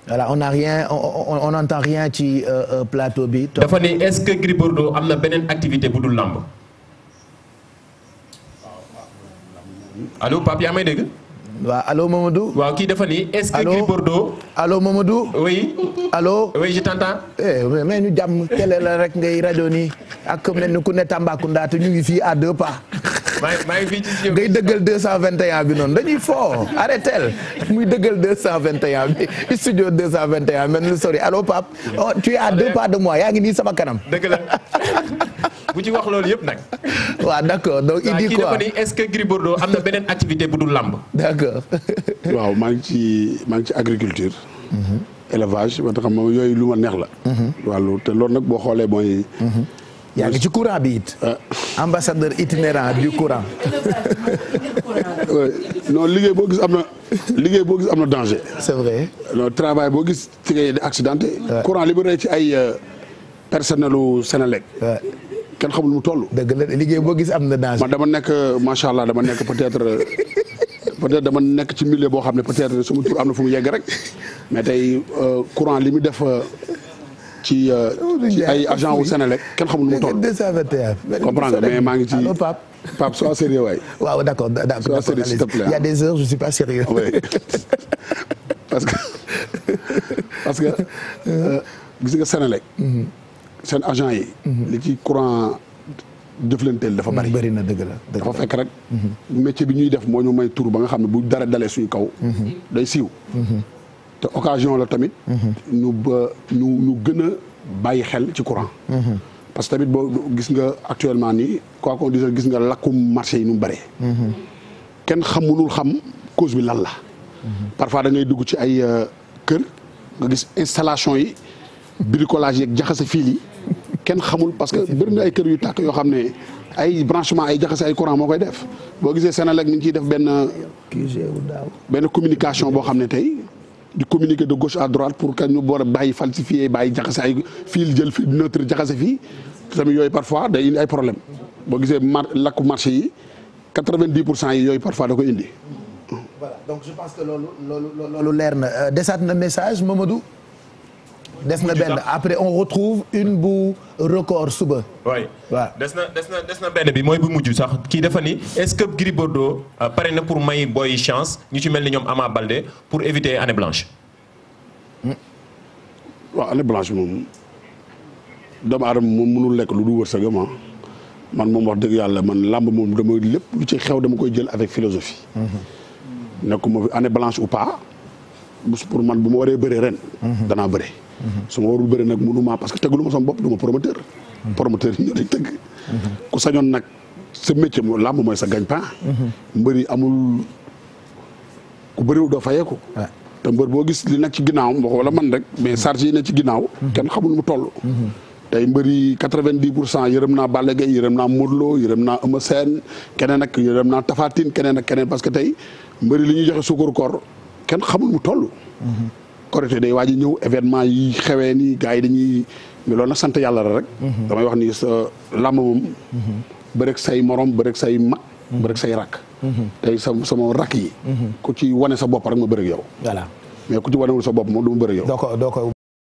voilà on n'a rien on n'entend rien ci euh, euh, plateau bi. dafa ne est-ce que Gris do am na beneen activité bu dul làmb. allo Pape may dégg. waaw alo Mamadou. waaw kii dafa ni est-ce que. Gris Bordeaux allo Mamadou. oui. allo oui je t'entends. eh mais ñu jàmm télé la rek ngay rajo nii ak mel ni ku ne Tambacounda te ñu ngi fii à deux pas. maa ngi fii ci studio ngay dëggal 221 bi noonu dañuy foo arrêtel muy dëggal 221 bi studio 221 mel ni sori allo Pape. oh tu es à deux pas de moi yaa ngi nii sama kanam. dëgg la. bu ci wax loolu yëpp nag. waaw d' accord donc il dit quoi kii est ce que Gris am na beneen activité bu dul làmb. d' accord. waaw maa ngi ci maa ngi ci agriculture. élevage ba xam yooyu lu ma neex la. wàllu te loolu nag boo xoolee mooy. yaa ngi ci courant bi it. Ah. ambassadeur itinérant du courant. non liggéey boo gis am na liggéey boo gis am na danger. c' vrai. non travail boo gis ci ngay accidenté. courant li ci ay euh, personnel u kenn xamul mu toll. dëgg la liggéey boo gis am na danger. man dama nekk macha allah dama nekk peut-être peut dama nekk ci milieu boo xam ne peut-être sama tur am na fu mu yegg rek mais tey euh, courant li mu def euh, ci euh, ci ay agent wu Sénélec kenn xamul mu toll. 221. comprendre nga mais maa ngi ci allo Pape. Pape sois sérieux waay. waaw d'accord d'accord sois sérieux s'il te a des parce que parce que gis nga Sénélec. Mm-hmm. seen agent yi. Mhm. li ci courant jëflanteel dafa bari. bari na dëgg la dafa fekk rek. Mhm. métier bi ñuy def moo ñu may tur ba nga xam ne bu dara dalee suñu kaw. Mhm. day siiw. te occasion la tamit. ñu ba ñu ñu gën a bàyyi xel ci courant. parce que tamit boo gis nga actuellement nii quoi qu'on dise gis nga lakkum marché yi nu mu bëree. kenn xamulul xam cause bi lan la. parfois da dugg ci ay euh, kër nga gis installation yi bricolage yeeg jaxase fil yi. kenn xamul parce que bëri na ay kër yu tàkk yoo xam ne ay branchement ay jaxase ay courant moo koy def boo gisee Senelec ni ñu ciy def benn benn communication boo xam ne tey di communiquer de gauche à droite pour que nu boor a bàyyi falsifier bàyyi jaxase ay fil jël fil neutre jaxase fii tamit yooyu parfois day indi ay problème boo gisee mar lakku marché yi quatre-vingt-dix pour cent yi yooyu parfois da koy indi. voilà donc que loolu loolu loolu leer na euh, desaat na message Mamadou. des na benn après on retrouve une bu record suba. oui waaw des na des na des na benn bi mooy bu mujj sax kii dafa ni est-ce que Gris Bordeaux euh, pare na pour may booy chance ñu ci mel ni ñoom Ama Baldé pour éviter année blanche. Hmm. waaw année blanche moom moom mënul lekk lu du wërsëgam ah man moom wax dëgg yàlla man làmb moom dama lépp lu ci xew dama koy jël avec philosophie. Hmm. nekkuma année blanche ou pas pour man bu ma waree bëree ren. Hmm. danaa bëri. su ma warul bëri nag mënuma parce que tëgg lu ma sama bopp du ma promoteur. promoteur yi ñoo lay tëgg. ku sañoon nag sa métier mu làmb mooy sa gagne-pain. mbëri amul ku bëriwul doo fayeeku. te mbër boo gis li nag ci ginnaawam wax wala man rek mais charge yi ne ci ginnaaw. kenn xamul mu toll. tey mbëri quatre-vingt-dix pour cent yërëm naa Balla Gaye yërëm naa Modou Lo yërëm naa keneen ak yërëm naa Tapha Tine keneen ak keneen parce que tey mbëri li ñuy joxe sukkur koor kenn xamul mu toll. Korité day waaj a ñëw événement yi xewee nii gars yi dañuy mais loolu nag sant yàlla la rek. Mhm. damay wax ni sa làmb moom. Mhm. bërek say morom bërek say mag. Mhm. bërek say rakk. tey sa sama rakk yi. ku ci wane sa bopp rek ma bërek yow. mais ku ci wanewul sa bopp moom du ma bërek yow.